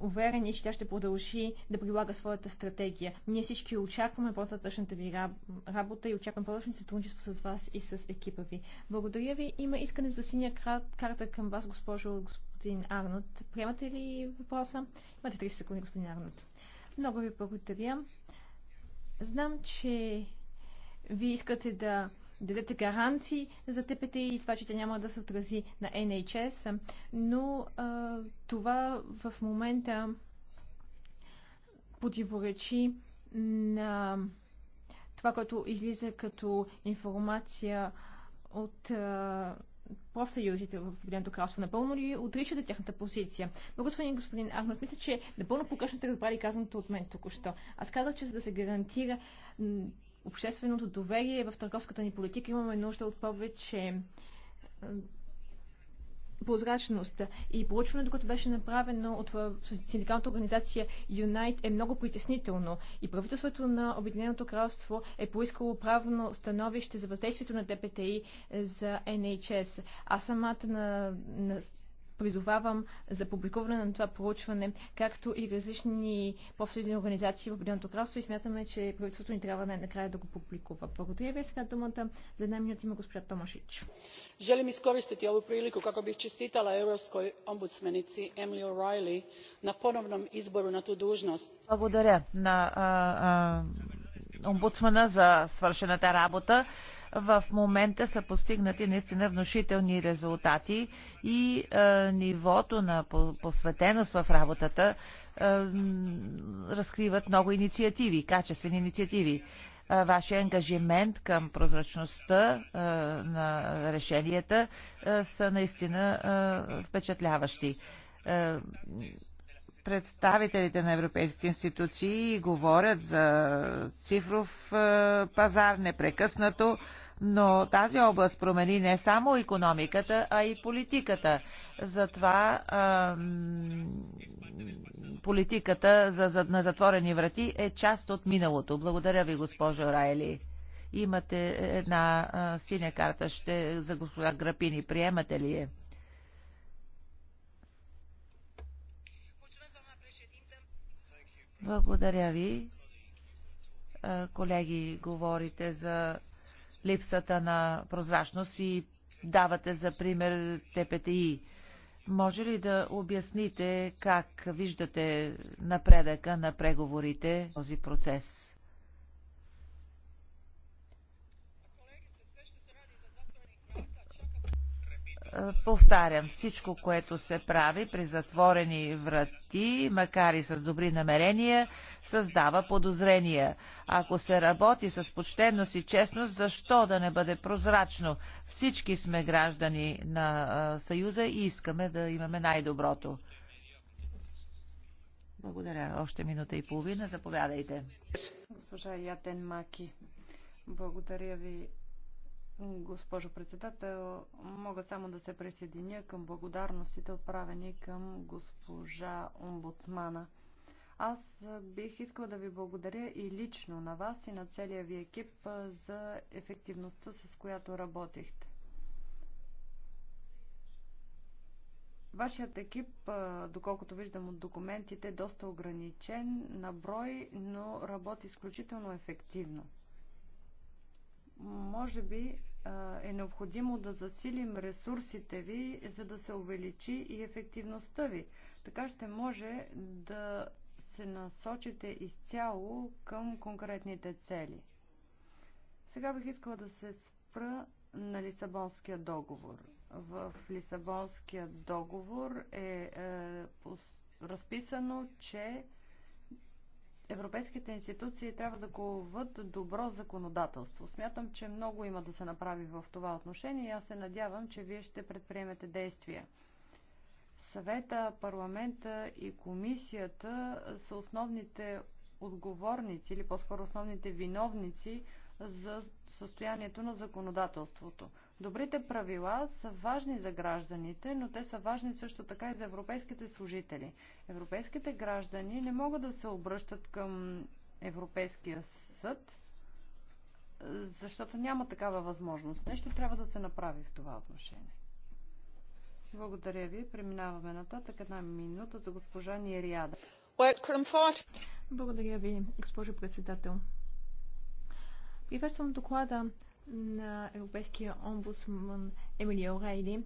уверени, че тя ще продължи да прилага своята стратегия. Ние всички очакваме по-нататъчната ви работа и очакваме по-нататъчно сътрудничество с вас и с екипа ви. Благодаря ви. Има искане за синя карта към вас, госпожо господин Арнот. Приемате ли въпроса? Имате 30 секунди, господин Арнот. Много ви благодаря. Знам, че вие искате да дадете гаранции за ТПТ и това, че те няма да се отрази на NHS, но а, това в момента противоречи на това, което излиза като информация от а, профсъюзите в Обединеното кралство. Напълно ли отричате тяхната позиция? Благодаря, господин Ахмед, Мисля, че напълно покъщно сте разбрали казаното от мен току-що. Аз казах, че за да се гарантира общественото доверие в търговската ни политика имаме нужда от повече прозрачност. И получването, което беше направено от синдикалната организация Unite е много притеснително. И правителството на Обединеното кралство е поискало правно становище за въздействието на ДПТИ за NHS. Аз самата на, на призовавам за публикуване на това проучване, както и различни повседни организации в Обединеното кралство и смятаме, че правителството ни трябва най-накрая да го публикува. Благодаря ви сега думата. За една минута има госпожа Томашич. Желим изкористити ovu priliku како бих честитала Европской омбудсменици Емли О'Райли на поновном избору на ту dužnost. Благодаря на а, а, омбудсмана за свършената работа в момента са постигнати наистина внушителни резултати и е, нивото на посветеност в работата е, разкриват много инициативи, качествени инициативи. Е, вашия ангажимент към прозрачността е, на решенията е, са наистина е, впечатляващи е, представителите на европейските институции говорят за цифров е, пазар непрекъснато но тази област промени не само економиката, а и политиката. Затова а, политиката за, за, на затворени врати е част от миналото. Благодаря ви, госпожо Райли. Имате една а, синя карта ще, за госпожа Грапини. Приемате ли е? Благодаря ви. Колеги, говорите за липсата на прозрачност и давате за пример ТПТИ. Може ли да обясните как виждате напредъка на преговорите този процес? повтарям, всичко, което се прави при затворени врати, макар и с добри намерения, създава подозрения. Ако се работи с почтенност и честност, защо да не бъде прозрачно? Всички сме граждани на Съюза и искаме да имаме най-доброто. Благодаря. Още минута и половина. Заповядайте. Госпожа Ятен Маки, благодаря ви Госпожо председател, мога само да се присъединя към благодарностите, отправени към госпожа омбудсмана. Аз бих искала да ви благодаря и лично на вас и на целия ви екип за ефективността, с която работихте. Вашият екип, доколкото виждам от документите, е доста ограничен на брой, но работи изключително ефективно може би е необходимо да засилим ресурсите ви, за да се увеличи и ефективността ви. Така ще може да се насочите изцяло към конкретните цели. Сега бих искала да се спра на Лисабонския договор. В Лисабонския договор е, е разписано, че европейските институции трябва да коват добро законодателство. Смятам, че много има да се направи в това отношение и аз се надявам, че вие ще предприемете действия. Съвета, парламента и комисията са основните отговорници или по-скоро основните виновници за състоянието на законодателството. Добрите правила са важни за гражданите, но те са важни също така и за европейските служители. Европейските граждани не могат да се обръщат към Европейския съд, защото няма такава възможност. Нещо трябва да се направи в това отношение. Благодаря ви. Преминаваме нататък една минута за госпожа Нириада. Благодаря ви, госпожо председател. Приветствам доклада на Европейския омбудсман Емилия Орейли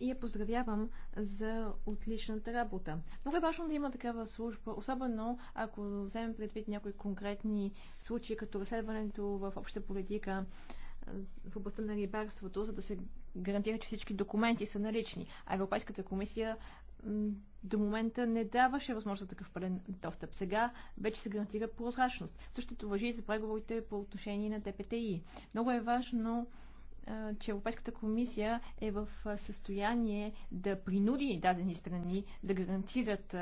и я поздравявам за отличната работа. Много е важно да има такава служба, особено ако вземем предвид някои конкретни случаи, като разследването в обща политика в областта на рибарството, за да се гарантира, че всички документи са налични. А Европейската комисия до момента не даваше възможност за такъв пълен достъп. Сега вече се гарантира прозрачност. Същото въжи и за преговорите по отношение на ДПТИ. Много е важно че Европейската комисия е в състояние да принуди дадени страни да гарантират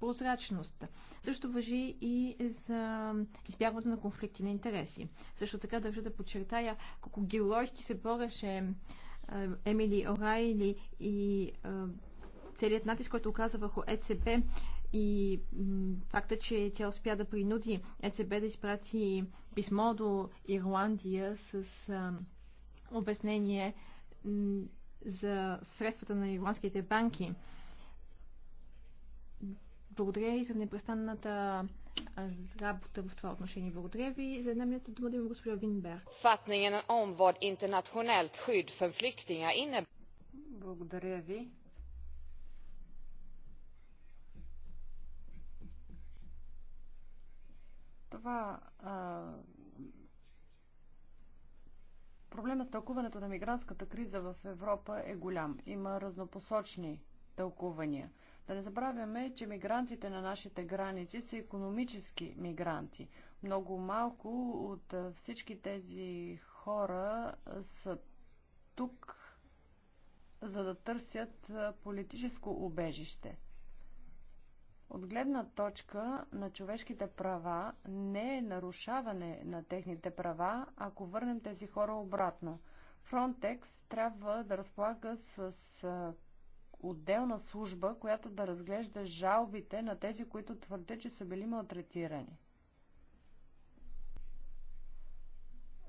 прозрачност. Също въжи и за избягването на конфликти на интереси. Също така държа да подчертая колко геройски се бореше Емили Орайли и целият натиск, който оказа върху ЕЦБ и факта, че тя успя да принуди ЕЦБ да изпрати писмо до Ирландия с а, обяснение за средствата на ирландските банки. Благодаря и за непрестанната работа в това отношение. Благодаря ви. За една минута дума да има госпожа Винберг. Благодаря ви. това а, проблема с тълкуването на мигрантската криза в Европа е голям. Има разнопосочни тълкувания. Да не забравяме, че мигрантите на нашите граници са економически мигранти. Много малко от всички тези хора са тук, за да търсят политическо убежище. От гледна точка на човешките права не е нарушаване на техните права, ако върнем тези хора обратно. Frontex трябва да разполага с отделна служба, която да разглежда жалбите на тези, които твърдят, че са били малтретирани.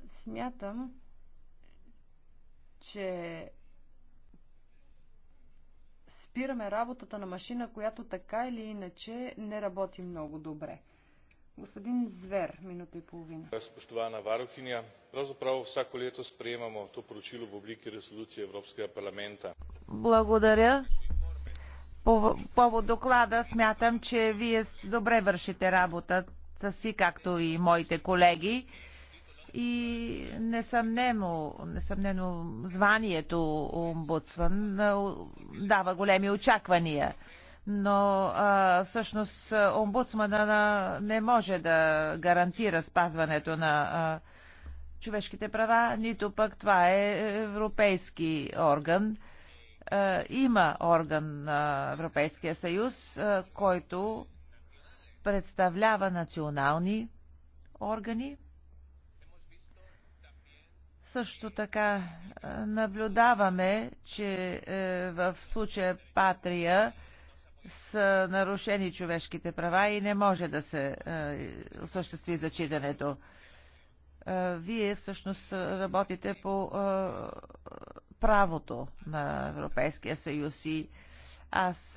Смятам, че спираме работата на машина, която така или иначе не работи много добре. Господин Звер, минута и половина. Spoštovana е, Варухиня, pravzaprav всяко лето сприемамо то поручило в облики резолюции Европския парламента. Благодаря. По повод доклада смятам, че вие добре вършите работата си, както и моите колеги и несъмнено, несъмнено званието омбудсман дава големи очаквания. Но а, всъщност омбудсмана не може да гарантира спазването на а, човешките права, нито пък това е европейски орган. А, има орган на Европейския съюз, а, който представлява национални органи също така е, наблюдаваме, че е, в случая Патрия са нарушени човешките права и не може да се е, осъществи зачитането. Вие всъщност работите по правото на Европейския съюз и аз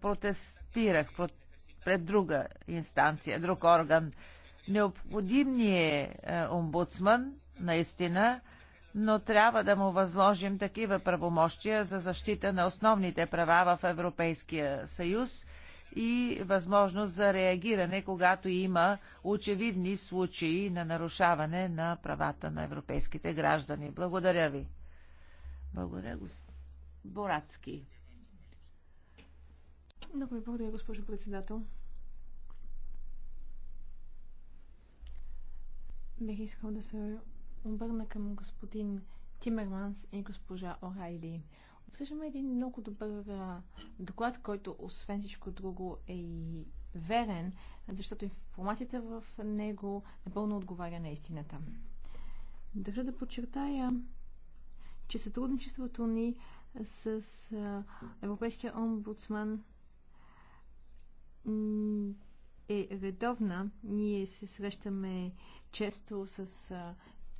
протестирах пред друга инстанция, друг орган. Необходим ни е омбудсман, наистина, но трябва да му възложим такива правомощия за защита на основните права в Европейския съюз и възможност за реагиране, когато има очевидни случаи на нарушаване на правата на европейските граждани. Благодаря ви. Благодаря, господин Борацки. Много ви благодаря, госпожо председател. Бих искал да се обърна към господин Тимерманс и госпожа Орайли. Обсъждаме един много добър доклад, който освен всичко друго е и верен, защото информацията в него напълно отговаря на истината. Държа да подчертая, че сътрудничеството ни с Европейския омбудсман е редовна. Ние се срещаме често с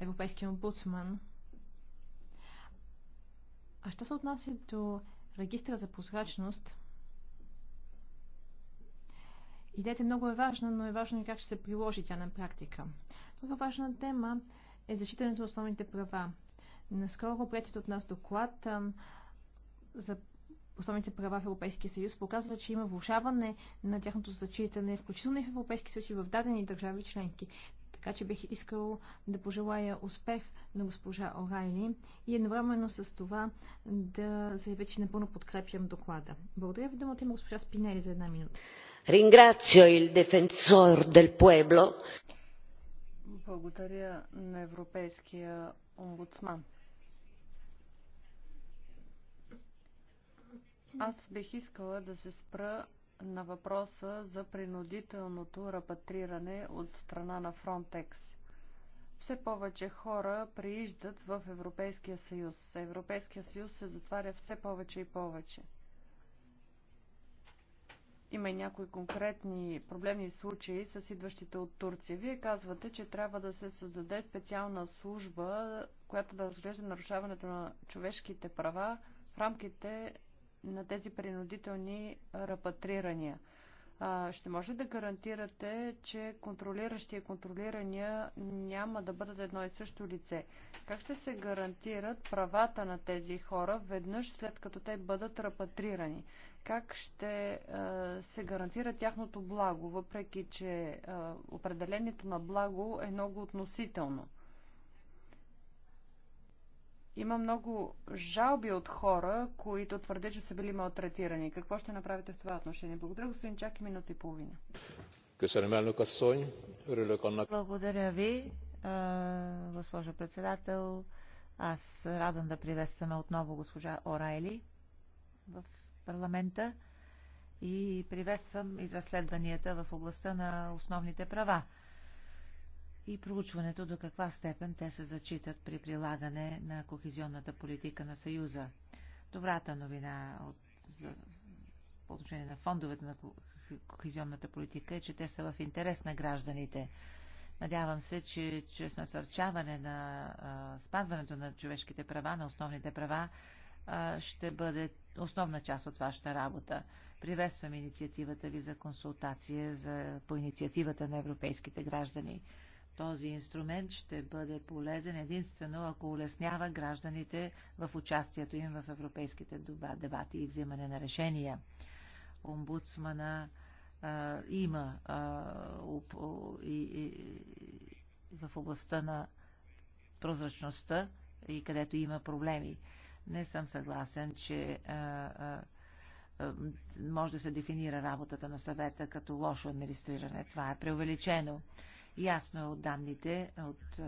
Европейския омбудсман. А що се отнася до регистра за прозрачност, идеята много е важна, но е важно и как ще се приложи тя на практика. Друга важна тема е защитането на основните права. Наскоро претит от нас доклад а, за основните права в Европейския съюз показва, че има влушаване на тяхното зачитане, включително и в Европейския съюз и в дадени държави членки. Така че бих искал да пожелая успех на госпожа Орайли и едновременно с това да заявя, че напълно подкрепям доклада. Благодаря ви, думата има госпожа Спинели за една минута. Ringrazio il difensor del pueblo. Благодаря на Европейския омбудсман. Аз бих искала да се спра на въпроса за принудителното репатриране от страна на Frontex. Все повече хора прииждат в Европейския съюз. Европейския съюз се затваря все повече и повече. Има и някои конкретни проблемни случаи с идващите от Турция. Вие казвате, че трябва да се създаде специална служба, която да разглежда нарушаването на човешките права в рамките на тези принудителни репатрирания. Ще може да гарантирате, че контролиращия и контролирания няма да бъдат едно и също лице. Как ще се гарантират правата на тези хора веднъж след като те бъдат репатрирани? Как ще се гарантира тяхното благо, въпреки че определението на благо е много относително? Има много жалби от хора, които твърдят, че са били малтретирани. Какво ще направите в това отношение? Благодаря, господин Чак, и минута и половина. Благодаря ви, госпожо председател. Аз радвам да приветстваме отново госпожа Орайли в парламента и приветствам и разследванията в областта на основните права и проучването до каква степен те се зачитат при прилагане на кохезионната политика на Съюза. Добрата новина от, за, по отношение на фондовете на кохезионната политика е, че те са в интерес на гражданите. Надявам се, че чрез насърчаване на а, спазването на човешките права, на основните права, а, ще бъде основна част от вашата работа. Приветствам инициативата ви за консултация за, по инициативата на европейските граждани. Този инструмент ще бъде полезен единствено ако улеснява гражданите в участието им в европейските дебати и взимане на решения. Омбудсмана а, има а, уп, и, и, в областта на прозрачността и където има проблеми. Не съм съгласен, че а, а, може да се дефинира работата на съвета като лошо администриране. Това е преувеличено. Ясно е от данните от е,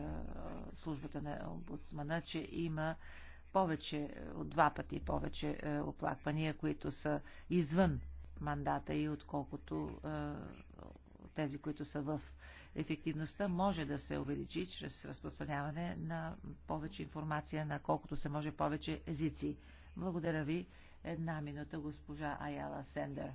службата на омбудсмана, че има повече, от два пъти повече е, оплаквания, които са извън мандата и отколкото е, тези, които са в ефективността може да се увеличи чрез разпространяване на повече информация на колкото се може повече езици. Благодаря ви. Една минута, госпожа Аяла Сендер.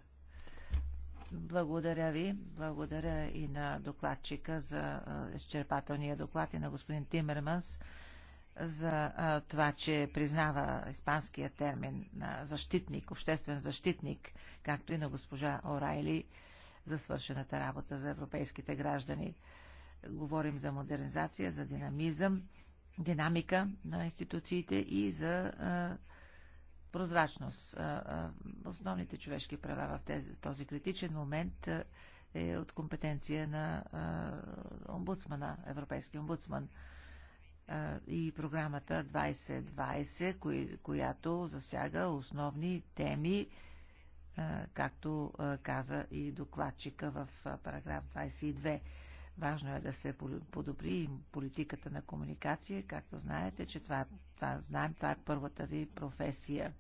Благодаря ви. Благодаря и на докладчика за изчерпателния доклад и на господин Тимерманс за това, че признава испанския термин на защитник, обществен защитник, както и на госпожа Орайли за свършената работа за европейските граждани. Говорим за модернизация, за динамизъм, динамика на институциите и за прозрачност. Основните човешки права в тези, този критичен момент е от компетенция на омбудсмана, Европейския омбудсман и програмата 2020, която засяга основни теми, както каза и докладчика в параграф 22. Важно е да се подобри политиката на комуникация. Както знаете, че това, това знаем, това е първата ви професия.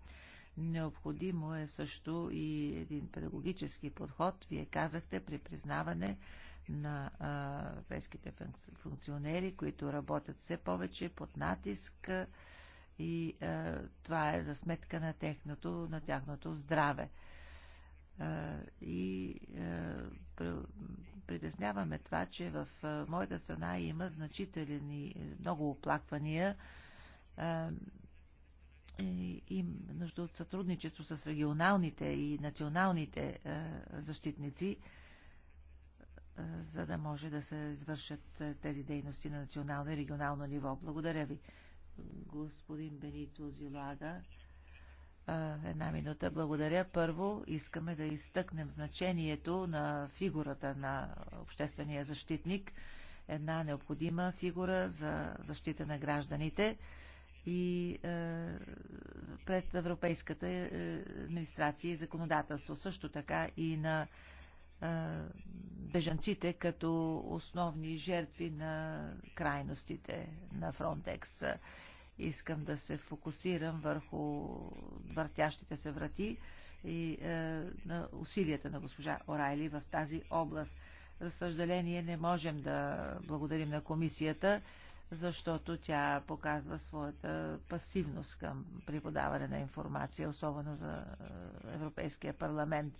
Необходимо е също и един педагогически подход. Вие казахте при признаване на европейските функционери, които работят все повече под натиск и а, това е за сметка на, техното, на тяхното здраве. А, и а, притесняваме това, че в моята страна има значителни е, много оплаквания е, и нужда от сътрудничество с регионалните и националните е, защитници, за да може да се извършат тези дейности на национално и регионално ниво. Благодаря ви, господин Бенито Зилага една минута. Благодаря. Първо искаме да изтъкнем значението на фигурата на обществения защитник. Една необходима фигура за защита на гражданите и е, пред Европейската е, администрация и законодателство. Също така и на е, бежанците като основни жертви на крайностите на Фронтекс. Искам да се фокусирам върху въртящите се врати и е, на усилията на госпожа Орайли в тази област. За съжаление не можем да благодарим на комисията, защото тя показва своята пасивност към преподаване на информация, особено за е, Европейския парламент.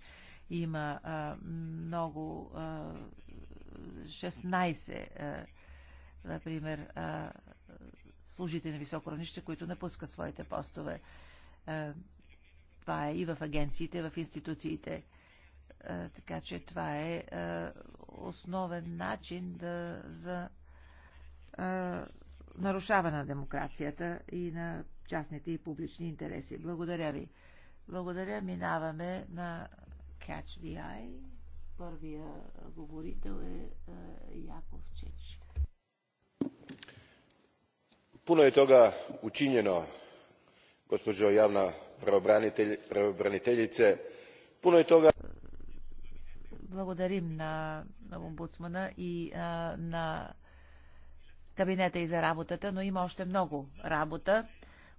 Има а, е, много а, 16, а, например, а, е, служители на високо равнище, които напускат своите постове. Е, това е и в агенциите, в институциите. Е, така че това е, е основен начин да, за нарушаване на демокрацията и на частните и публични интереси. Благодаря ви. Благодаря. Минаваме на Catch the Eye. Първия говорител е Яков Чечка puno je toga učinjeno gospođo javna pravobraniteljice puno je toga. благодарим на омбудсмана и а, на кабинета и за работата, но има още много работа.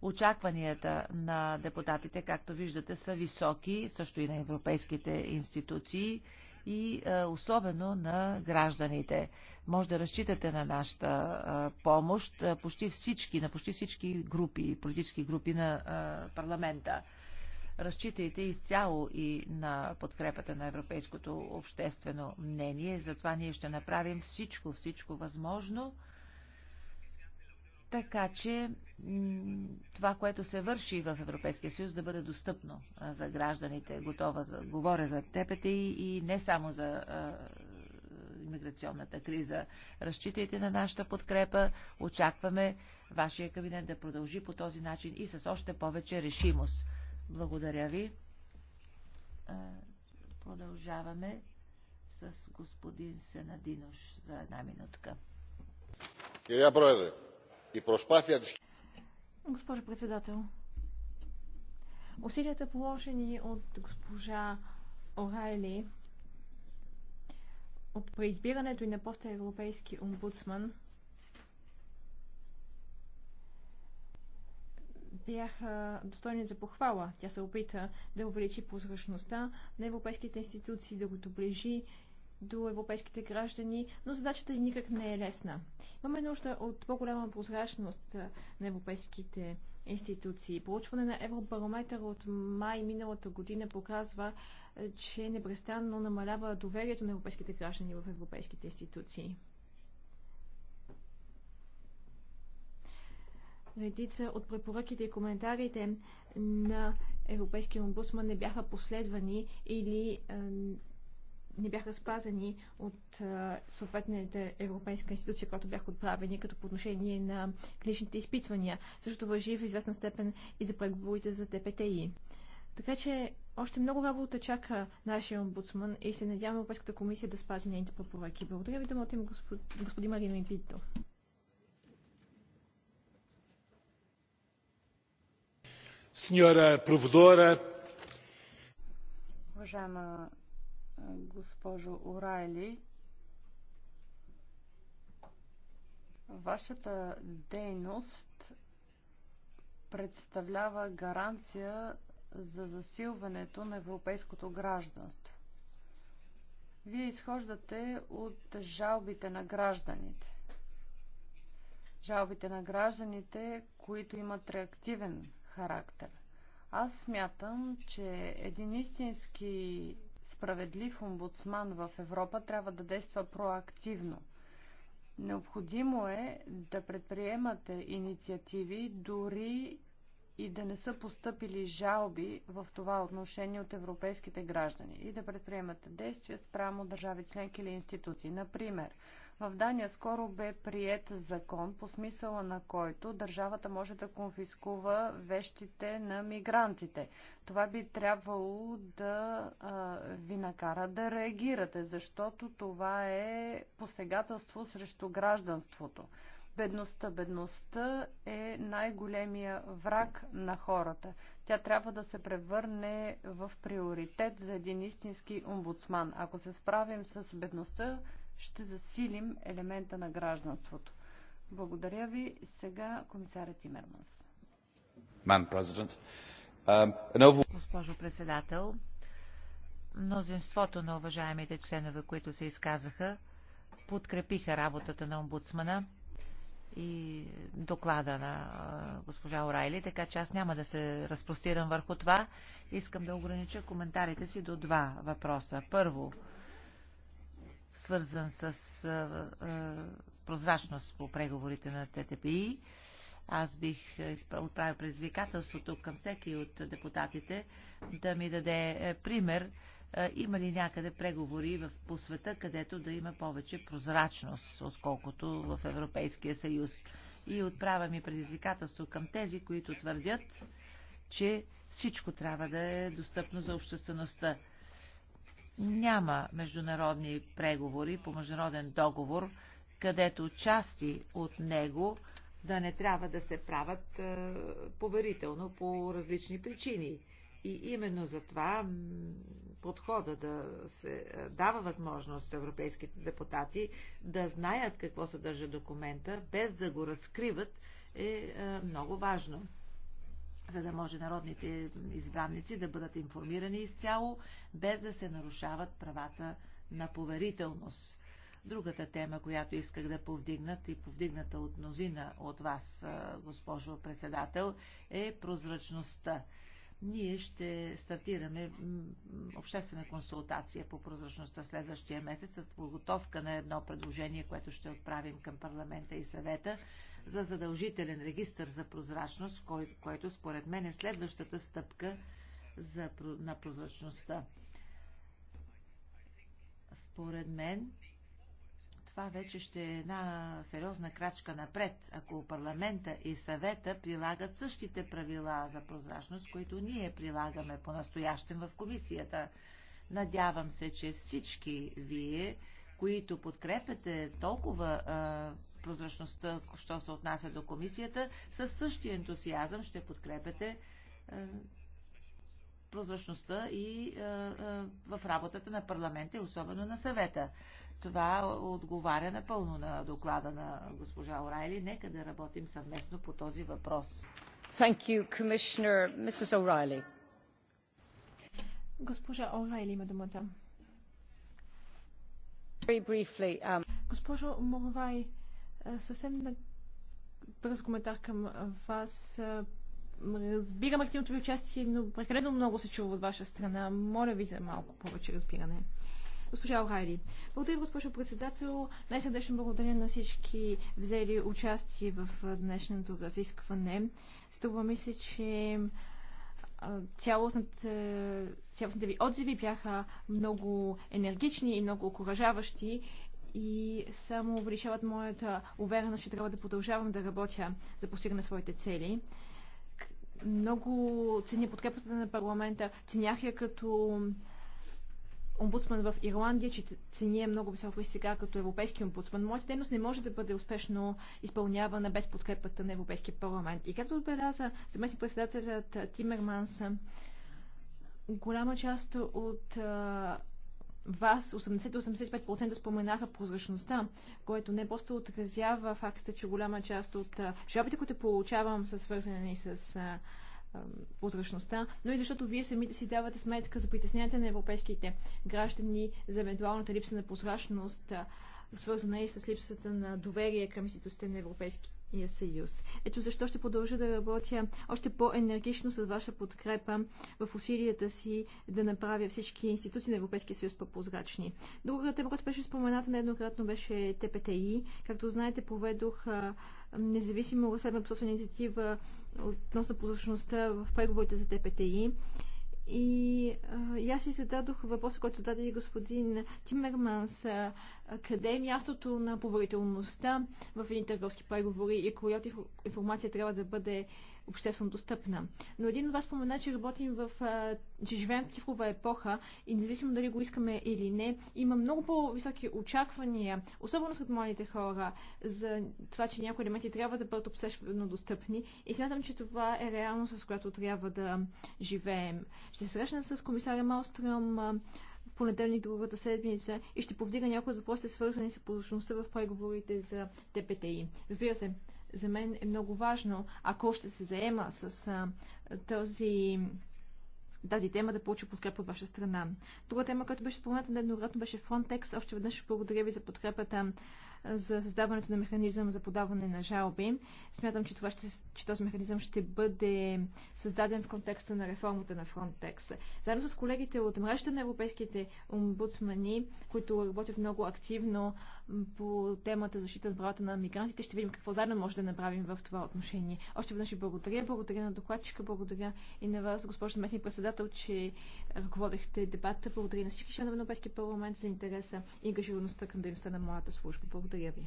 Очакванията на депутатите, както виждате, са високи, също и на европейските институции и а, е, особено на гражданите. Може да разчитате на нашата а, е, помощ а, е, почти всички, на почти всички групи, политически групи на а, парламента. Разчитайте изцяло и на подкрепата на европейското обществено мнение. Затова ние ще направим всичко, всичко възможно така че това, което се върши в Европейския съюз, да бъде достъпно за гражданите. Готова за, говоря за тепете и, и не само за иммиграционната криза. Разчитайте на нашата подкрепа. Очакваме вашия кабинет да продължи по този начин и с още повече решимост. Благодаря ви. Продължаваме с господин Сенадинош за една минутка. Кирия Проедре η προσπάθεια Госпожо председател, усилията положени от госпожа Орайли от преизбирането и на поста европейски омбудсман бяха достойни за похвала. Тя се опита да увеличи прозрачността на европейските институции, да го доближи до европейските граждани, но задачата никак не е лесна. Имаме нужда от по-голяма прозрачност на европейските институции. Получване на Евробарометър от май миналата година показва, че непрестанно намалява доверието на европейските граждани в европейските институции. Редица от препоръките и коментарите на Европейския омбудсман не бяха последвани или не бяха спазени от съответните европейска институция, която бяха отправени като по отношение на клиничните изпитвания. Същото въжи в известна степен и за преговорите за ТПТИ. Така че още много работа чака нашия омбудсман и се надявам Европейската комисия да спази нейните препоръки. Благодаря ви, думата им господин, господин Марина Импито. Сеньора Проводора. Уважаема госпожо Орайли. Вашата дейност представлява гаранция за засилването на европейското гражданство. Вие изхождате от жалбите на гражданите. Жалбите на гражданите, които имат реактивен характер. Аз смятам, че един истински справедлив омбудсман в Европа трябва да действа проактивно. Необходимо е да предприемате инициативи, дори и да не са поступили жалби в това отношение от европейските граждани и да предприемате действия спрямо държави членки или институции. Например, в Дания скоро бе прият закон, по смисъла на който държавата може да конфискува вещите на мигрантите. Това би трябвало да а, ви накара да реагирате, защото това е посегателство срещу гражданството. Бедността. Бедността е най-големия враг на хората. Тя трябва да се превърне в приоритет за един истински омбудсман. Ако се справим с бедността, ще засилим елемента на гражданството. Благодаря ви. Сега комисаря Тимерманс. Госпожо председател, мнозинството на уважаемите членове, които се изказаха, подкрепиха работата на омбудсмана и доклада на госпожа Орайли, така че аз няма да се разпростирам върху това. Искам да огранича коментарите си до два въпроса. Първо, свързан с прозрачност по преговорите на ТТПИ. Аз бих отправил предизвикателството към всеки от депутатите да ми даде е, пример има ли някъде преговори в, по света, където да има повече прозрачност, отколкото в Европейския съюз. И отправя ми предизвикателство към тези, които твърдят, че всичко трябва да е достъпно за обществеността няма международни преговори по международен договор, където части от него да не трябва да се правят е, поверително по различни причини. И именно за това подхода да се е, дава възможност европейските депутати да знаят какво съдържа документа, без да го разкриват, е, е много важно за да може народните избранници да бъдат информирани изцяло, без да се нарушават правата на поверителност. Другата тема, която исках да повдигнат и повдигната от мнозина от вас, госпожо председател, е прозрачността. Ние ще стартираме обществена консултация по прозрачността следващия месец в подготовка на едно предложение, което ще отправим към парламента и съвета за задължителен регистр за прозрачност, кой, който според мен е следващата стъпка за, на прозрачността. Според мен това вече ще е една сериозна крачка напред, ако парламента и съвета прилагат същите правила за прозрачност, които ние прилагаме по-настоящем в комисията. Надявам се, че всички вие които подкрепяте толкова а, прозрачността, що се отнася до комисията, със същия ентусиазъм ще подкрепяте а, прозрачността и а, а, в работата на парламента и особено на съвета. Това отговаря напълно на доклада на госпожа Орайли. Нека да работим съвместно по този въпрос. Thank you, Commissioner Mrs. O'Reilly. Госпожа Орайли има думата. Um, госпожо Морвай, е, съвсем бърз коментар към вас. Е, разбирам активното ви участие, но прекалено много се чува от ваша страна. Моля ви за малко повече разбиране. Госпожа Охайли. Благодаря ви, госпожо председател. Най-сърдечно благодаря на всички взели участие в днешното разискване. Струва ми се, че цялостните, цялостните ви отзиви бяха много енергични и много окоръжаващи и само увеличават моята увереност, че трябва да продължавам да работя за постигане своите цели. Много ценя подкрепата на парламента, ценях я като омбудсман в Ирландия, че цени е много високо и сега като европейски омбудсман. Моята дейност не може да бъде успешно изпълнявана без подкрепата на Европейския парламент. И както отбеляза заместник председателят Тимерманс, голяма част от вас 80-85% споменаха прозрачността, което не просто отразява факта, че голяма част от жалбите, които получавам, са свързани с прозрачността, но и защото вие самите си давате сметка за притесненията на европейските граждани за евентуалната липса на прозрачност, свързана и с липсата на доверие към институциите на Европейски съюз. Ето защо ще продължа да работя още по-енергично с ваша подкрепа в усилията си да направя всички институции на Европейския съюз по-прозрачни. Другата, тема, която беше спомената нееднократно, беше ТПТИ. Както знаете, поведох независимо разследване по собствена инициатива относно прозрачността в преговорите за ТПТИ и, а, и аз си зададох въпроса, който зададе и господин Тимерманс. А, къде е мястото на поверителността в едни търговски преговори и коя информация трябва да бъде обществено достъпна. Но един от вас спомена, че работим в, че живеем в цифрова епоха и независимо дали го искаме или не, има много по-високи очаквания, особено сред младите хора, за това, че някои елементи трябва да бъдат обществено достъпни и смятам, че това е реалност, с която трябва да живеем. Ще се срещна с комисаря Малстрам понеделник другата седмица и ще повдига някои от въпросите, свързани с подушността в преговорите за ТПТИ. Разбира се, за мен е много важно, ако ще се заема с а, този тази тема да получи подкрепа от ваша страна. Друга тема, която беше спомената нееднократно, беше Frontex. Още веднъж благодаря ви за подкрепата за създаването на механизъм за подаване на жалби. Смятам, че, това ще, че този механизъм ще бъде създаден в контекста на реформата на Frontex. Заедно с колегите от мрежата на европейските омбудсмани, които работят много активно по темата защита на правата на мигрантите. Ще видим какво заедно може да направим в това отношение. Още веднъж благодаря. Благодаря на докладчика, благодаря и на вас, госпожо заместник председател, че ръководехте дебата. Благодаря на всички членове на Европейския парламент за интереса и ангажираността към дейността на моята служба. Благодаря ви.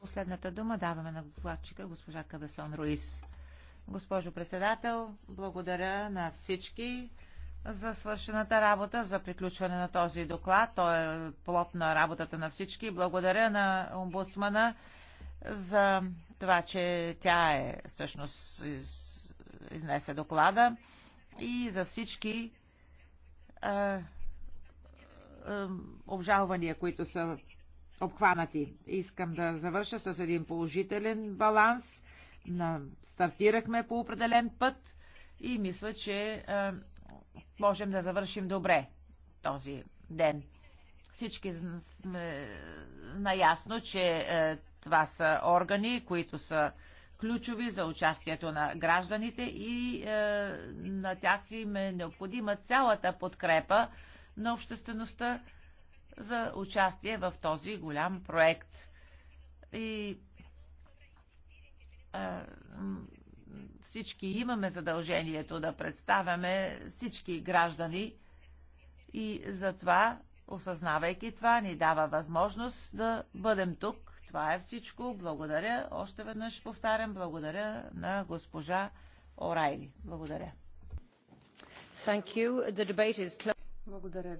Последната дума даваме на докладчика, госпожа Кабесон Руис. Госпожо председател, благодаря на всички за свършената работа, за приключване на този доклад. Той е плод на работата на всички. Благодаря на омбудсмана за това, че тя е всъщност из, изнесе доклада и за всички е, е, обжалвания, които са обхванати. Искам да завърша с един положителен баланс. На, стартирахме по определен път и мисля, че е, можем да завършим добре този ден. Всички сме наясно, че е, това са органи, които са ключови за участието на гражданите и е, на тях им е необходима цялата подкрепа на обществеността за участие в този голям проект. И е, всички имаме задължението да представяме всички граждани и затова, осъзнавайки това, ни дава възможност да бъдем тук. Това е всичко. Благодаря. Още веднъж повтарям, благодаря на госпожа Орайли. Благодаря. Благодаря.